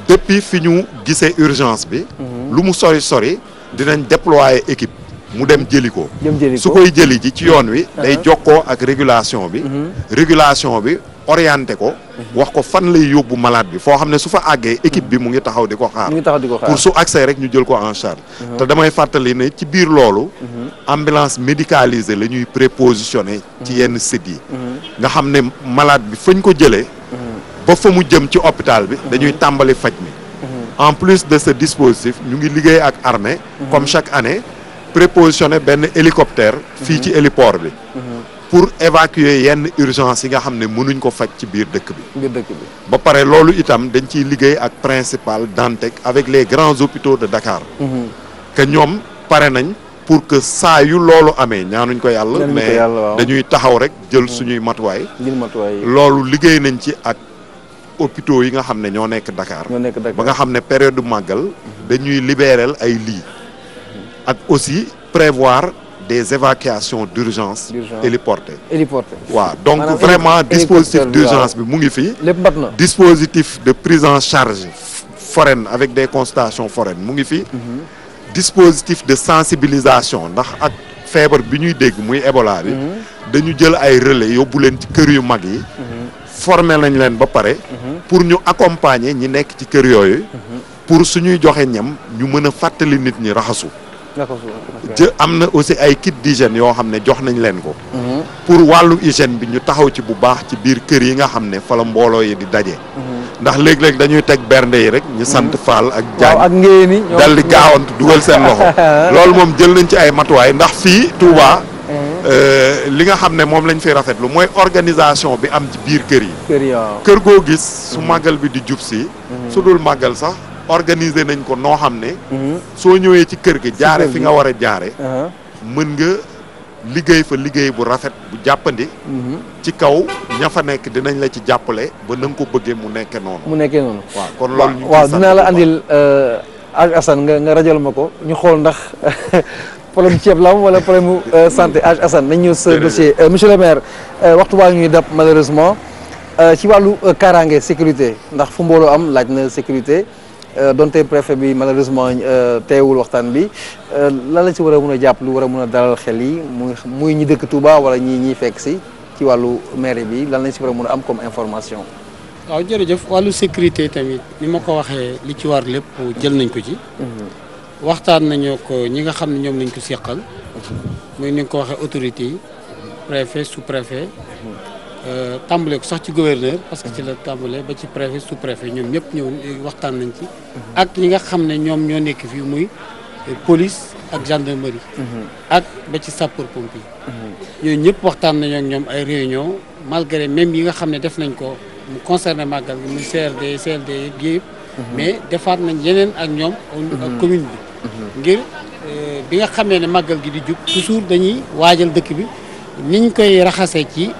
depuis fi ñu gisee urgence bi lu mu sori sori dinañ déployer équipe mu dem jëli ko su koy jëli ji ci yoon wi uh-huh. day jokkoo ak régulation bi régulation bi orienté ko. wax ko fan lay yóbbu malade bi foo xam ne su fa àggee. équipe bi mu ngi taxaw di ko xaar. mu ngi taxaw di ko pour su accès rek ñu jël ko en charge. Mhm. te damay fàttali ne ci biir loolu. Mhm. ambulance médicalisée la ñuy prépositionné. ci mhm. yenn sites yi. nga xam ne malade bi fañ ko jëlee. ba fa mu jëm ci hôpital bi. dañuy tàmbali faj mi. en plus de ce dispositif ñu ngi liggéey ak armée. comme chaque année prépositionné benn hélicoptère. fii ci héliport bi. pour évacuer yenn urgence yi nga xam ne mënuñ ko faj ci biir dëkk bi. biir dëkk ba pare loolu itam dañ ciy liggéey ak principal Dantec avec les grands hôpitaux de Dakar. Mhm. que ñoom pare nañ. pour que saa yu loolu amee ñaanuñ ko yàlla mais dañuy taxaw rek jël mhm. suñuy matuwaay loolu liggéey nañ ci ak hôpitaux yi nga xam ne ñoo nekk Dakar ba nga xam ne période màggal mhm. dañuy libéral ay lits ak aussi prévoir des évacuations d'urgence héliportées héliportées waaw donc Madame vraiment dispositif d'urgence bi mu ngi fii lépp mat na dispositif de prise en charge foraine avec des constatations foraines mu ngi fi mhm. dispositif de sensibilisation ndax ak feebar bi ñuy dégg muy Ebola bi mhm. dañu jël ay relais yóbbu leen ci kër yu mag yi mhm. formé nañ leen ba pare pour ñu accompagner ñi nekk ci kër yooyu pour suñuy joxe ñam ñu mën a fàttali nit ñi raxasu ci am na aussi ay kit d'hygiène yoo xam ne jox nañ leen ko mm-hmm. pour wàllu hygiène bi ñu taxaw ci bu baax ci biir kër yi nga xam ne fa mbooloo yi di daje mm-hmm. ndax léeg-léeg dañuy teg bernde yi rek ñu sant mm-hmm. Fall ak Jaañ ak ngéeni dal di gaawantu dugal seen loxo (laughs) loolu moom jël nañ ci ay matuwaay ndax fii Touba euh, li nga xam ne moom lañ fi rafetlu mooy organisation bi am ci biir kër yi kër goo gis su màggal bi di jub si su dul màggal sax organiser nañ ko noo xam ne. Mhm. soo ñëwee ci kër gi jaare fi nga war a jaare uh-huh. mën nga liggéey fa liggéey bu rafet bu jàppandi. Mhm. ci kaw ña fa nekk dinañ la ci jàppale ba na nga ko bëggee mu nekkee noonu. mu nekkee noonu waaw kon loolu. ñu waaw dinaa la andil euh, Aj Assane nga nga rajal ma ko ñu xool ndax (laughs) problème ceeb la am wala problème mu euh, santé Aj Assane nañ ñëw sa dossier euh, monsieur le maire waxtu waa ñuy dab malheureusement ci wàllu kaaraange sécurité ndax fu mbooloo am laaj na sécurité. Euh, donte préfet bi malheureusement euh, teewul waxtaan bi euh, lan lañ si war a mën a jàpp lu war a mën a dalal xel yi muy muy ñi dëkk tubaa wala ñi ñiy fekk si ci wàllu maire bi lan lañ si war a mën a am comme information. waaw jërëjëf wàllu sécurité tamit ni ma ko waxee li ci war lépp jël nañ ko ci. Mhm. waxtaan nañoo ko ñi nga xam ne ñoom lañ ko seqal. Mhm. muy ni nga ko waxee autorités yi sous préfet Euh, tàmbale ko sax ci gouverneur parce que ci la tàmbale ba ci préfet sous préfet ñoom ñëpp ñëw waxtaan nañ ci ak ñi nga xam ne ñoom ñoo nekk fii muy police ak gendarmerie mhm. ak ba ci sapeur pompier ñooñu ñëpp waxtaan nañu ak ñoom ay réunion malgré même yi nga xam ne def nañ ko mu concerné màggal bi muy CRD CLD mhm. mais defaat nañ yeneen ak ñoom mhm. commune bi ngir euh, bi nga xamee ne màggal gi di jub toujours dañuy waajal dëkk bi niñ koy raxasee ci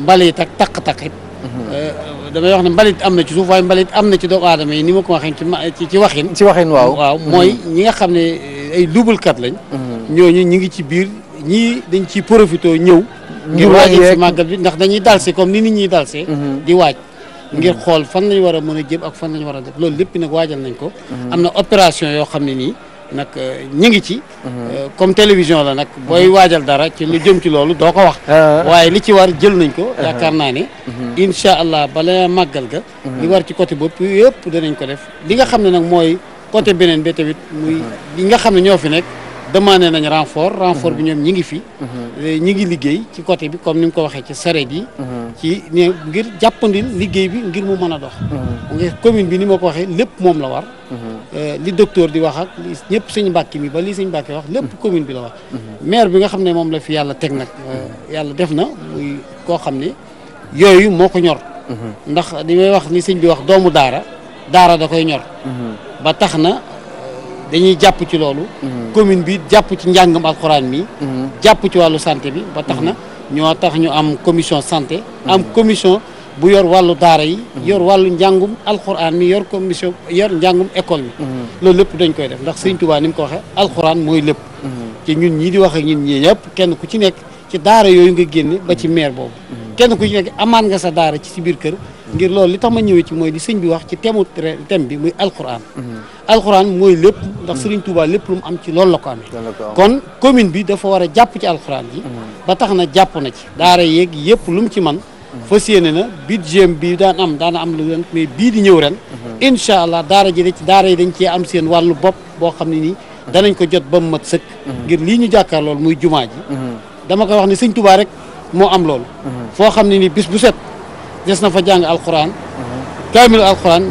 mbalit ak taq-taq mhm. euh, damay wax ne mbalit am na ci suuf mbalit am na ci doomu aadama yi ni ma ko waxee ci ci waxin. ci waxin waaw waaw mooy mhm. ñi nga xam ne euh, ay duubulkat lañ. Mhm. ñooñu ñu ngi ci biir ñii dañ ciy profité ñëw. ngir waajal si màggal bi ndax dañuy dalse comme ni nit ñi dalse di waaj ngir xool fan lañ war a mën a jëm ak fan lañu war a def loolu léppi nag waajal nañ ko. am na opération yoo xam ne nii. nag euh, ñi ngi ci. Mhm. Euh, comme télévision la nag. booy mhm. waajal dara ci lu jëm ci loolu doo ko wax. Ah. waaye li ci war jël nañ ko. Mhm. yaakaar naa ne. incha allah bala màggal ga. li war ci côté bopp yëpp danañ ko def li nga xam ne nag mooy côté beneen bi tamit muy li nga xam ne ñoo fi nekk. demandé nañ renfort renfort bi mhm. ñoom ñi ngi fi mhm. ñi ngi liggéey ci côté bi comme ni nga ko waxee ci sareet bi mhm. ci ngir jàppandil liggéey bi ngir mu mën a dox nga commune bi ni ma ko waxee lépp moom la war euh, li docteur di wax ak ñëpp sëñ Mbàkke mi ba li sëñ Mbàkke wax lépp commune bi la wax maire bi nga xam ne moom la fi yàlla teg nag euh, yàlla def na muy koo xam ne yooyu moo ko ñor ndax li may wax ni sëñ bi wax doomu daara daara da koy ñor ba tax na dañuy jàpp ci loolu. Mhm. commune bi jàpp ci njàngam alxuraan mi. Mhm. jàpp ci wàllu santé bi ba tax na mhm. ñoo tax ñu am commission santé. am commission bu yor wàllu daara yi. yor wàllu njàngum alxuraan mi yor commission yor njàngum école mi. loolu lépp dañ koy def ndax sëñ Tuubaa ni mu ko waxee alxuraan mooy lépp. ci ñun ñii di wax ak ñun ñii ñëpp kenn ku ci nekk ci daara yooyu nga génne ba ci maire boobu. kenn ku ci nekk amaan nga sa daara ci si biir kër. ngir loolu li tax ma ñëwee ci mooy di sëñ bi wax ci temu thème bi muy alxuraan. alxuraan mooy lépp ndax Serigne Touba lépp lu mu am ci loolu la ko amee kon commune bi dafa war a jàpp ci alxuraan ji mm. ba tax na jàpp na ci daara yeeg yëpp lu mu ci man mm. fas yéene na budget bi daan am daana am lu mais bii di ñëw ren mm-hmm. incha allah daara ji dañ daara yi dañ cee am seen wàllu bopp boo xam ne nii mm-hmm. danañ ko jot ba mu mat sëkk mm-hmm. ngir lii ñu jàkkaar loolu muy jumaa ji dama koy wax ne Serigne Touba rek moo am lool foo xam ne nii bis bu set des na fa jàng alxuraan kaamilu alxuraan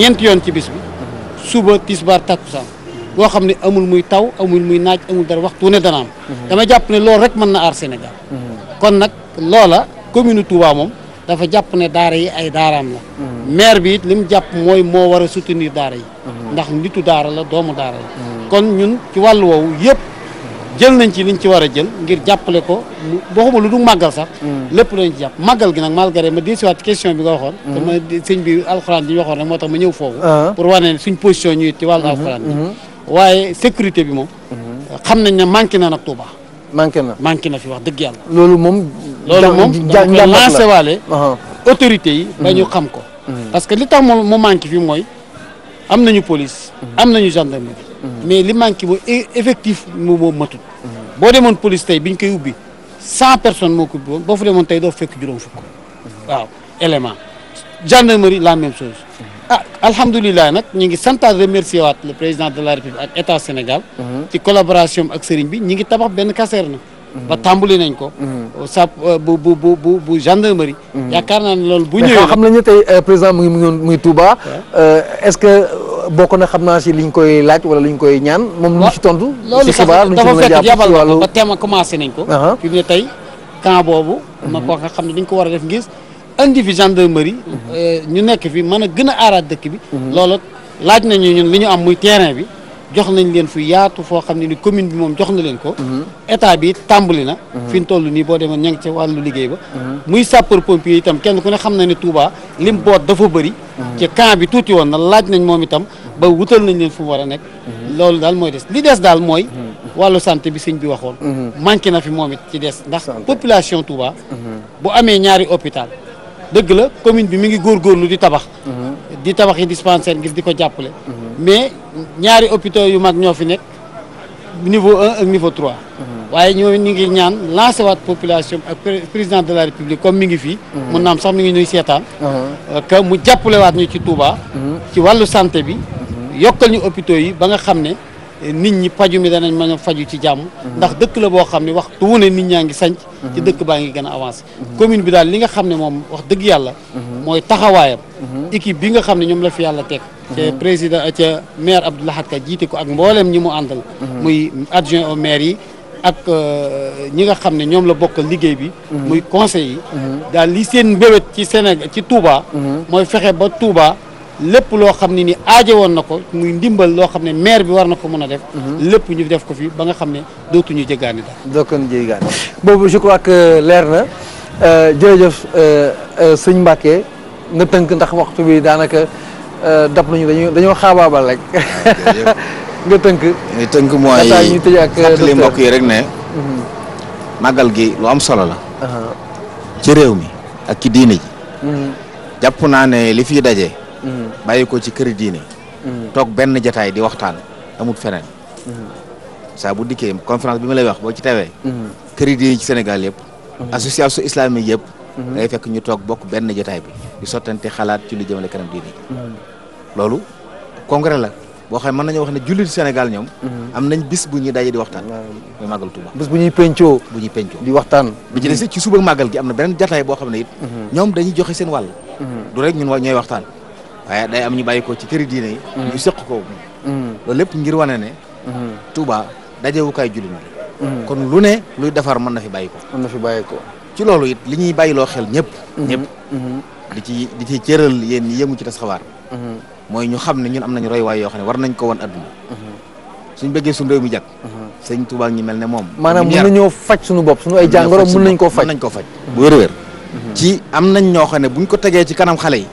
ñett yoon ci bis bi suba tisbaar takkusaan boo xam ne amul muy taw amul muy naaj amul dara waxtu ne dana am mhm. dama jàpp ne loolu rek mën na aar Sénégal mhm. kon nag loola commune Touba moom dafa jàpp ne daara yi ay daaraam la mhm. maire bi it li mu jàpp mooy moo war a soutenir daara yi ndax nitu daara la doomu daara la kon ñun ci wàll woowu yëpp jël nañ ci li ñu ci war a jël ngir jàppale ko waxuma lu du màggal sax mm. lépp lañ ci jàpp màggal gi nag malgré ma di siwaat question bi nga waxoon te mm. ma sëñ bi alxuraan ji ñu waxoon rek moo tax ma ñëw foofu ah. pour wane ne suñ position ñu it ci wàllu mm-hmm. alxuraan bi mm-hmm. waaye sécurité bi moom mm-hmm. xam nañ ne manqué na nag Touba manqué na manqué na fi wax dëgg yàlla loolu moom loolu moom dama lancé waale uh-huh. autorité yi ba ñu xam ko parce que li tax mu manqué fi mooy am nañu police am nañu gendarmerie Mm-hmm. mais li manqué ba e-, effectif moom moo matut. Mm-hmm. boo demoon police tey biñ koy ubbi cent personnes moo ko ubbi woon boo fa demoon tey doo fekk juróom fukk. Mm-hmm. waaw élément gendarmerie la même chose. ah alhamdulilah nag ñu ngi santaat remercier waat le président de la république ak état Sénégal. ci collaboration ak sëriñ bi ñu ngi tabax benn caserne. ba tàmbali ko. sa euh, bu bu bu bu gendarmerie. yaakaar naa ne loolu bu ñëwee. mais xam nañu tey euh, président mu ngi mu ngi Touba. Euh, est-ce bokk na xam naa si liñ koy laaj wala liñ koy ñaan moom lu ñu si tontu si xibaar lu ñu si mën a jàpp ci wàllu ba thème commencé nañ ko fi mu ne tey camp boobu mhm. ma ko nga xam ne dañ ko war a def ngis indi fi gendarmerie mhm. euh, ñu nekk fi mën a gën a aaraat dëkk bi mhm. loolu laaj nañu ñun li ñu am muy terrain bi jox nañ leen fu yaatu foo xam ne ni commune bi moom jox na leen ko mhm. état bi tàmbali na mhm. fi ñu nii boo demee ña ngi ci wàllu liggéey ba mhm. muy sapeur pompier itam kenn ku ne xam na ne Touba lim boot dafa bëri ci camp bi tuuti woon na laaj nañ moom itam ba wutal nañ leen fu mu war a nekk loolu daal mooy des li des daal mooy wàllu santé bi sëñ bi waxoon manqué na fi moom it ci des ndax population Touba bu amee ñaari hôpital dëgg la commune bi mu ngi góorgóorlu di tabax di tabaxi dispensaire ngir di ko jàppale. mais ñaari hôpitaux yu mag ñoo fi nekk niveau un ak niveau trois. waaye ñoo ñu ngi ñaan lancé waat population ak président de la république comme mi ngi fi mun naam sax mi ngi ñuy seetaan. Uh-huh. que mu jàppale waat ñu ci Touba. Uh-huh. ci wàllu santé bi. yokkal ñu hôpitaux yi ba nga xam ne. nit ñi paju mi danañ mën a faju ci jàmm mhm. ndax dëkk la boo xam ne waxtu wu ne nit ñaa ngi sanc mhm. ci dëkk baa ngi gën a mhm. commune bi daal li nga xam ne moom wax dëgg yàlla mooy taxawaayam équipe bi nga xam ne ñoom la fi yàlla teg ca président ca maire Abdou Lahad Ka jiite ko ak mbooleem ñi mu àndal muy adjoint au maire yi ak euh, ñi nga xam ne ñoom la bokkal liggéey bi muy conseil yi daal li seen mbébét ci Sénégal ci Touba mooy fexe ba Touba lépp loo xam ne ni aajo woon na ko muy ndimbal loo xam ne maire bi war na ko mën a def mhm. lépp ñu def ko fii ba nga xam ne dootuñu jéggaani daal dootuñu jéggaani boobu je crois que leer na euh, jërëjëf euh, euh, sëñ Mbacke nga tënk ndax waxtu bi daanaka dab nañu dañu dañoo xaabaabal rek (laughs) nga tënk nga tënk mooy ñu tëj ak mbokk yi rek ne mhm. màggal gi lu am solo la uh-huh. ci réew mi ak ci diine ji mhm. jàpp naa ne li fiy daje bàyyi ko ci kër diine. Mhm. toog benn jataay di waxtaan amut feneen. Mhm. saa bu dikkee conférence bi ma lay wax boo ci tawee. Mhm. kër diine ci Sénégal yëpp. association islamique yëpp. ngay fekk ñu toog bokk benn jataay bi di sottante xalaat ci lu jëmale kanam diine. loolu congrès la. boo xam ne mën nañu wax ne jullit Sénégal ñoom. am nañ bis bu ñuy daje di waxtaan. muy màggal Tuuba. bis bu ñuy pencoo. bu ñuy pencoo di waxtaan. bi ci des ci suba màggal gi am na benn jataay boo xam ne it. ñoom dañuy joxe seen wàll. du rek ñun waxtaan. waaye day am ñu bàyyi ci këri diine yi. Mm. ñu sëq ko. Mm. loolu lépp ngir wane ne. Mm-hmm. Touba dajewukaay jullit ñi. Mm-hmm. kon lu ne luy defar mën na fi bàyyi ko. mën na fi bàyyi ko. ci loolu it li ñuy bàyyiloo xel ñëpp. Mm-hmm. ñëpp di ci di ci cëral yéen ñi yëngu ci tas xabaar. mooy ñu xam ne ñun am nañu roywaay yoo xam ne war nañ ko wan adduna. suñ bëggee suñ réew mi jag. sëñ Touba ñi mel ne moom. maanaam mën nañoo faj suñu bopp suñu ay jàngoro mën nañ koo faj nañ koo faj bu wér-wér. ci am nañ ñoo xam ne buñ ko tegee ci kanam xale yi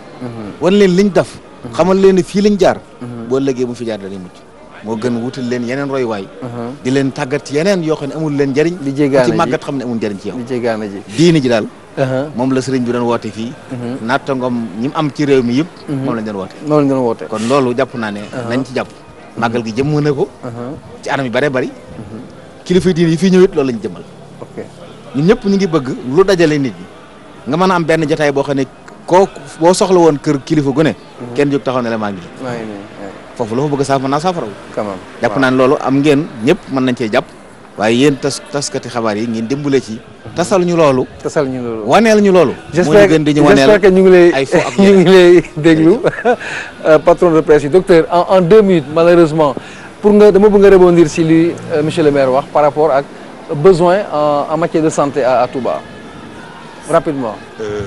wan leen liñ def mhm. xamal leen ne fii lañ jaar mhm. boo lëggee mu fi jaar danañ mucc moo gën wutal leen yeneen roy waay mhm. di leen tàggat ci yeneen yoo xam ne amul leen njëriñ ci màggat xam ne amul njëriñ ci yow diini ji daal uh-huh. moom la sëriñ bi doon woote fii nattangom ñi mu am ci réew mi yëpp moom lañ doon woote moom lañ doon woote kon loolu jàpp naa ne uh-huh. nañ ci jàpp màggal gi jëmm na ko uh-huh. ci anam yu bare bari kilifa diini yi fii ñëwit loolu lañ jëmal ñun ñëpp ñu ngi bëgg lu dajale nit ñi nga mën a am benn jotaay boo xam ne koo boo soxla woon kër kilifa gune ne mhm. kenn jóg taxaw ne la maa ngi foofu loo fa bëgg saaf mën naa saafarawu jàpp naan ne loolu am ngeen ñëpp mën nañ cee jàpp waaye yéen tas taskati xabaar yi ngeen dimbale ci tasal ñu loolu tasal ñu loolu waneel ñu loolu moo gën di ñu waneel que ñu ngi lay ay fo ak (laughs) (laughs) euh, patron de presse yi docteur en deux minutes malheureusement pour nga dama bëgg nga rebondir si li euh, monsieur le maire wax par rapport ak besoin en matière de santé à Touba rapidement euh,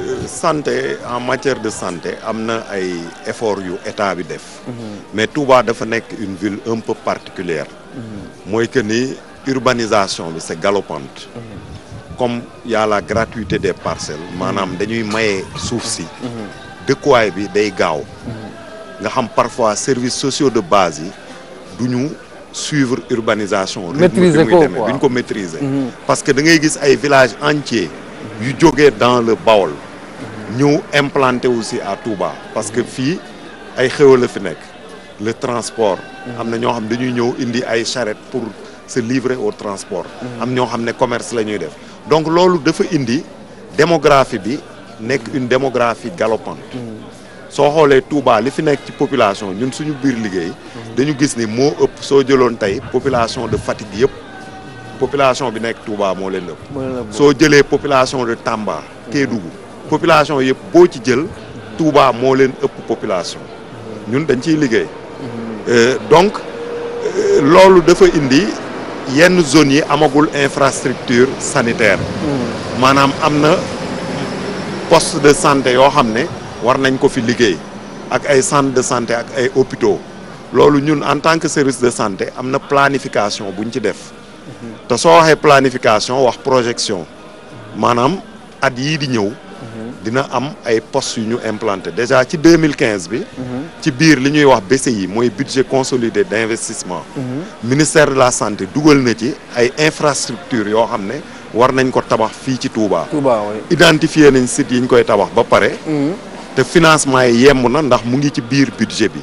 euh, santé en matière de santé am na ay effort yu état bi def mhm. mais Touba dafa nekk une ville un peu particulière mhm. mooy que ni urbanisation bi c'est galopante mhm. comme y la gratuité des parcelles maanaam dañuy maye suuf si dëkkuwaay bi day gaaw nga xam parfois service sociaux de base yi duñu suivre urbanisation maîtriser ko quoi parce que da gis ay villages entiers yu jóge dans le Baol ñëw implanté si à Touba parce que fii ay xéwal la fi nekk le transport am na ñoo xam dañuy ñëw indi ay charrette pour se livrer au transport am ñoo xam ne commerce la ñuy def donc loolu dafa indi démographie bi nekk une démographie galopante soo xoolee Touba li fi nekk ci population ñun suñu biir liggéey dañu gis ni moo ëpp soo jëloon tey population de Fatick yëpp population bi nekk Touba moo leen ëpp soo jëlee population de Tamba dugg population yëpp boo ci jël Touba moo leen ëpp population ñun dañ ciy liggéey mhm. euh, donc euh, loolu dafa indi yenn zones yi amagul infrastructure sanitaire mhm. maanaam am na poste de santé yoo xam ne war nañ ko fi liggéey ak ay centre de santé ak ay hôpitaux loolu ñun en tant que service de santé am na planification buñ ci def te soo waxee planification wax projection maanaam at yii di ñëw. dina am ay postes yu ñu implanté déjà ci 2015 bi. ci biir li ñuy wax yi mooy budget consolidé d'investissement. ministère de la santé dugal na ci ay infrastructures yoo xam ne war nañ ko tabax fii ci Touba. Touba identifier nañ sites yi ñu koy tabax ba pare. Mhm. te financement yi yemb na ndax mu ngi ci biir budget bi.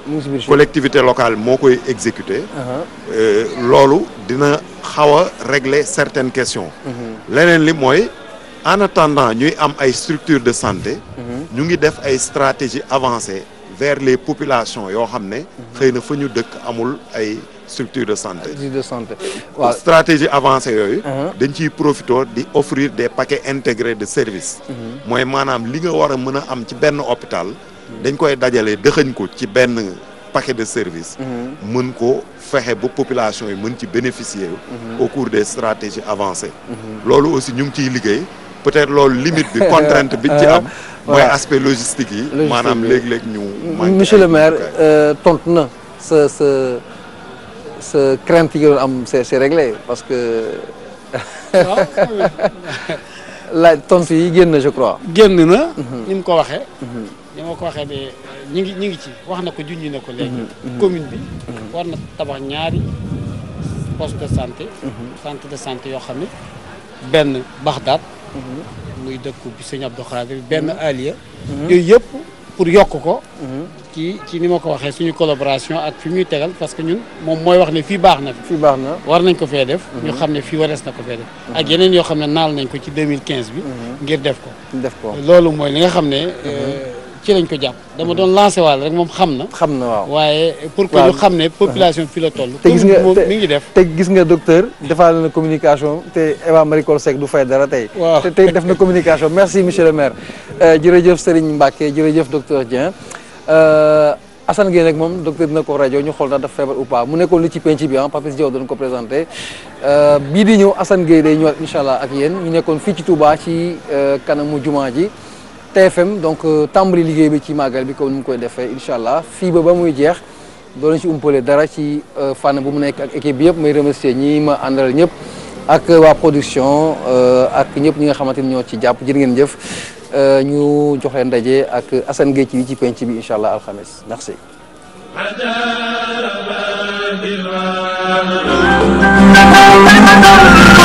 collectivité locale moo koy exécuter. Uh-huh. Euh, loolu dina. xaw a régler certaines questions. leneen li mooy en attendant ñuy am ay structures de santé. ñu ngi def ay stratégies avancées vers les populations yoo xam ne. xëy na fa ñu dëkk amul ay. structure de santé de santé waaw stratégie avancée yooyu uh-huh. dañ ciy profiter di offrir des paquets intégrés de services uh-huh. mooy maanaam li nga war a mën a am ci benn hôpital dañ koy dajale dëxëñ ko ci benn paquet de services. Mhm. mën ko fexe ba population yi mën ci bénéficier yu mhm. au cours des stratégies avancées. Mhm. loolu aussi ñu ngi ciy liggéey peut-être loolu limite bi (laughs) contrainte bi ci am. Euh, mooy aspect logistique yi. maanaam léeg-léeg ñu. monsieur le maire euh, tontu na sa sa sa crainte yi am c'est c'est réglé parce que. (laughs) (laughs) laaj tontu yi génn je crois. génn na. ni ko waxee. ma ko waxee ne ñi ngi ñi ngi ci wax na ko junj na ko léegi mhm, mhm. commune bi mhm. war na tabax ñaari poste de santé centre de santé yoo xam ne benn Baxdaad muy dëkku bi sëñ Abdou benn Aliya yooyu yëpp pour yokk ko ci ci ni ma ko waxee suñu collaboration ak fi muy tegal parce que ñun moom mooy wax ne fii baax na fi baax na war nañ ko fee def ñu xam ne fii warees na ko fee ak yeneen yoo xam ne naal nañ ko ci 2015 bi ngir def def ko loolu mooy li nga xam ne euh, ci lañ ko jàpp dama doon lancé waal rek moom xam na. xam na waaye pour que ñu xam ne population fi la toll. te gis nga mi ngi def te gis nga docteur. defaale na communication te Eva Marie Coll du fay dara tey. waaw te tey def na communication merci monsieur le maire. Euh, jërëjëf Serigne Mbacke jërëjëf docteur Dieng euh, Assane Gueye nag moom docteur dina ko rajo ñu xool naa dafa feebar ou pas mu nekkoon li ci penc bi ah Papis Diaw doon ko présenté euh, bii di ñëw Assane Gueye day ñëwaat incha allah ak yéen ñu nekkoon fii ci Touba ci kanamu juma ji. TFM donc euh, tàmbali liggéey bi ci màggal bi comme ni mu koy defee incha allah fii ba ba muy jeex doo leen ci umpale dara ci euh, fànn bu mu nekk ak équipe bi yëpp may remercier ñi ma àndal ñëpp ak euh, waa production ak ñëpp ñi nga xamante ni ñoo ci jàpp jërë ngeen jëf ñu jox leen ndaje ak Assane Gueye ci bi ci penc bi incha allah alxames merci.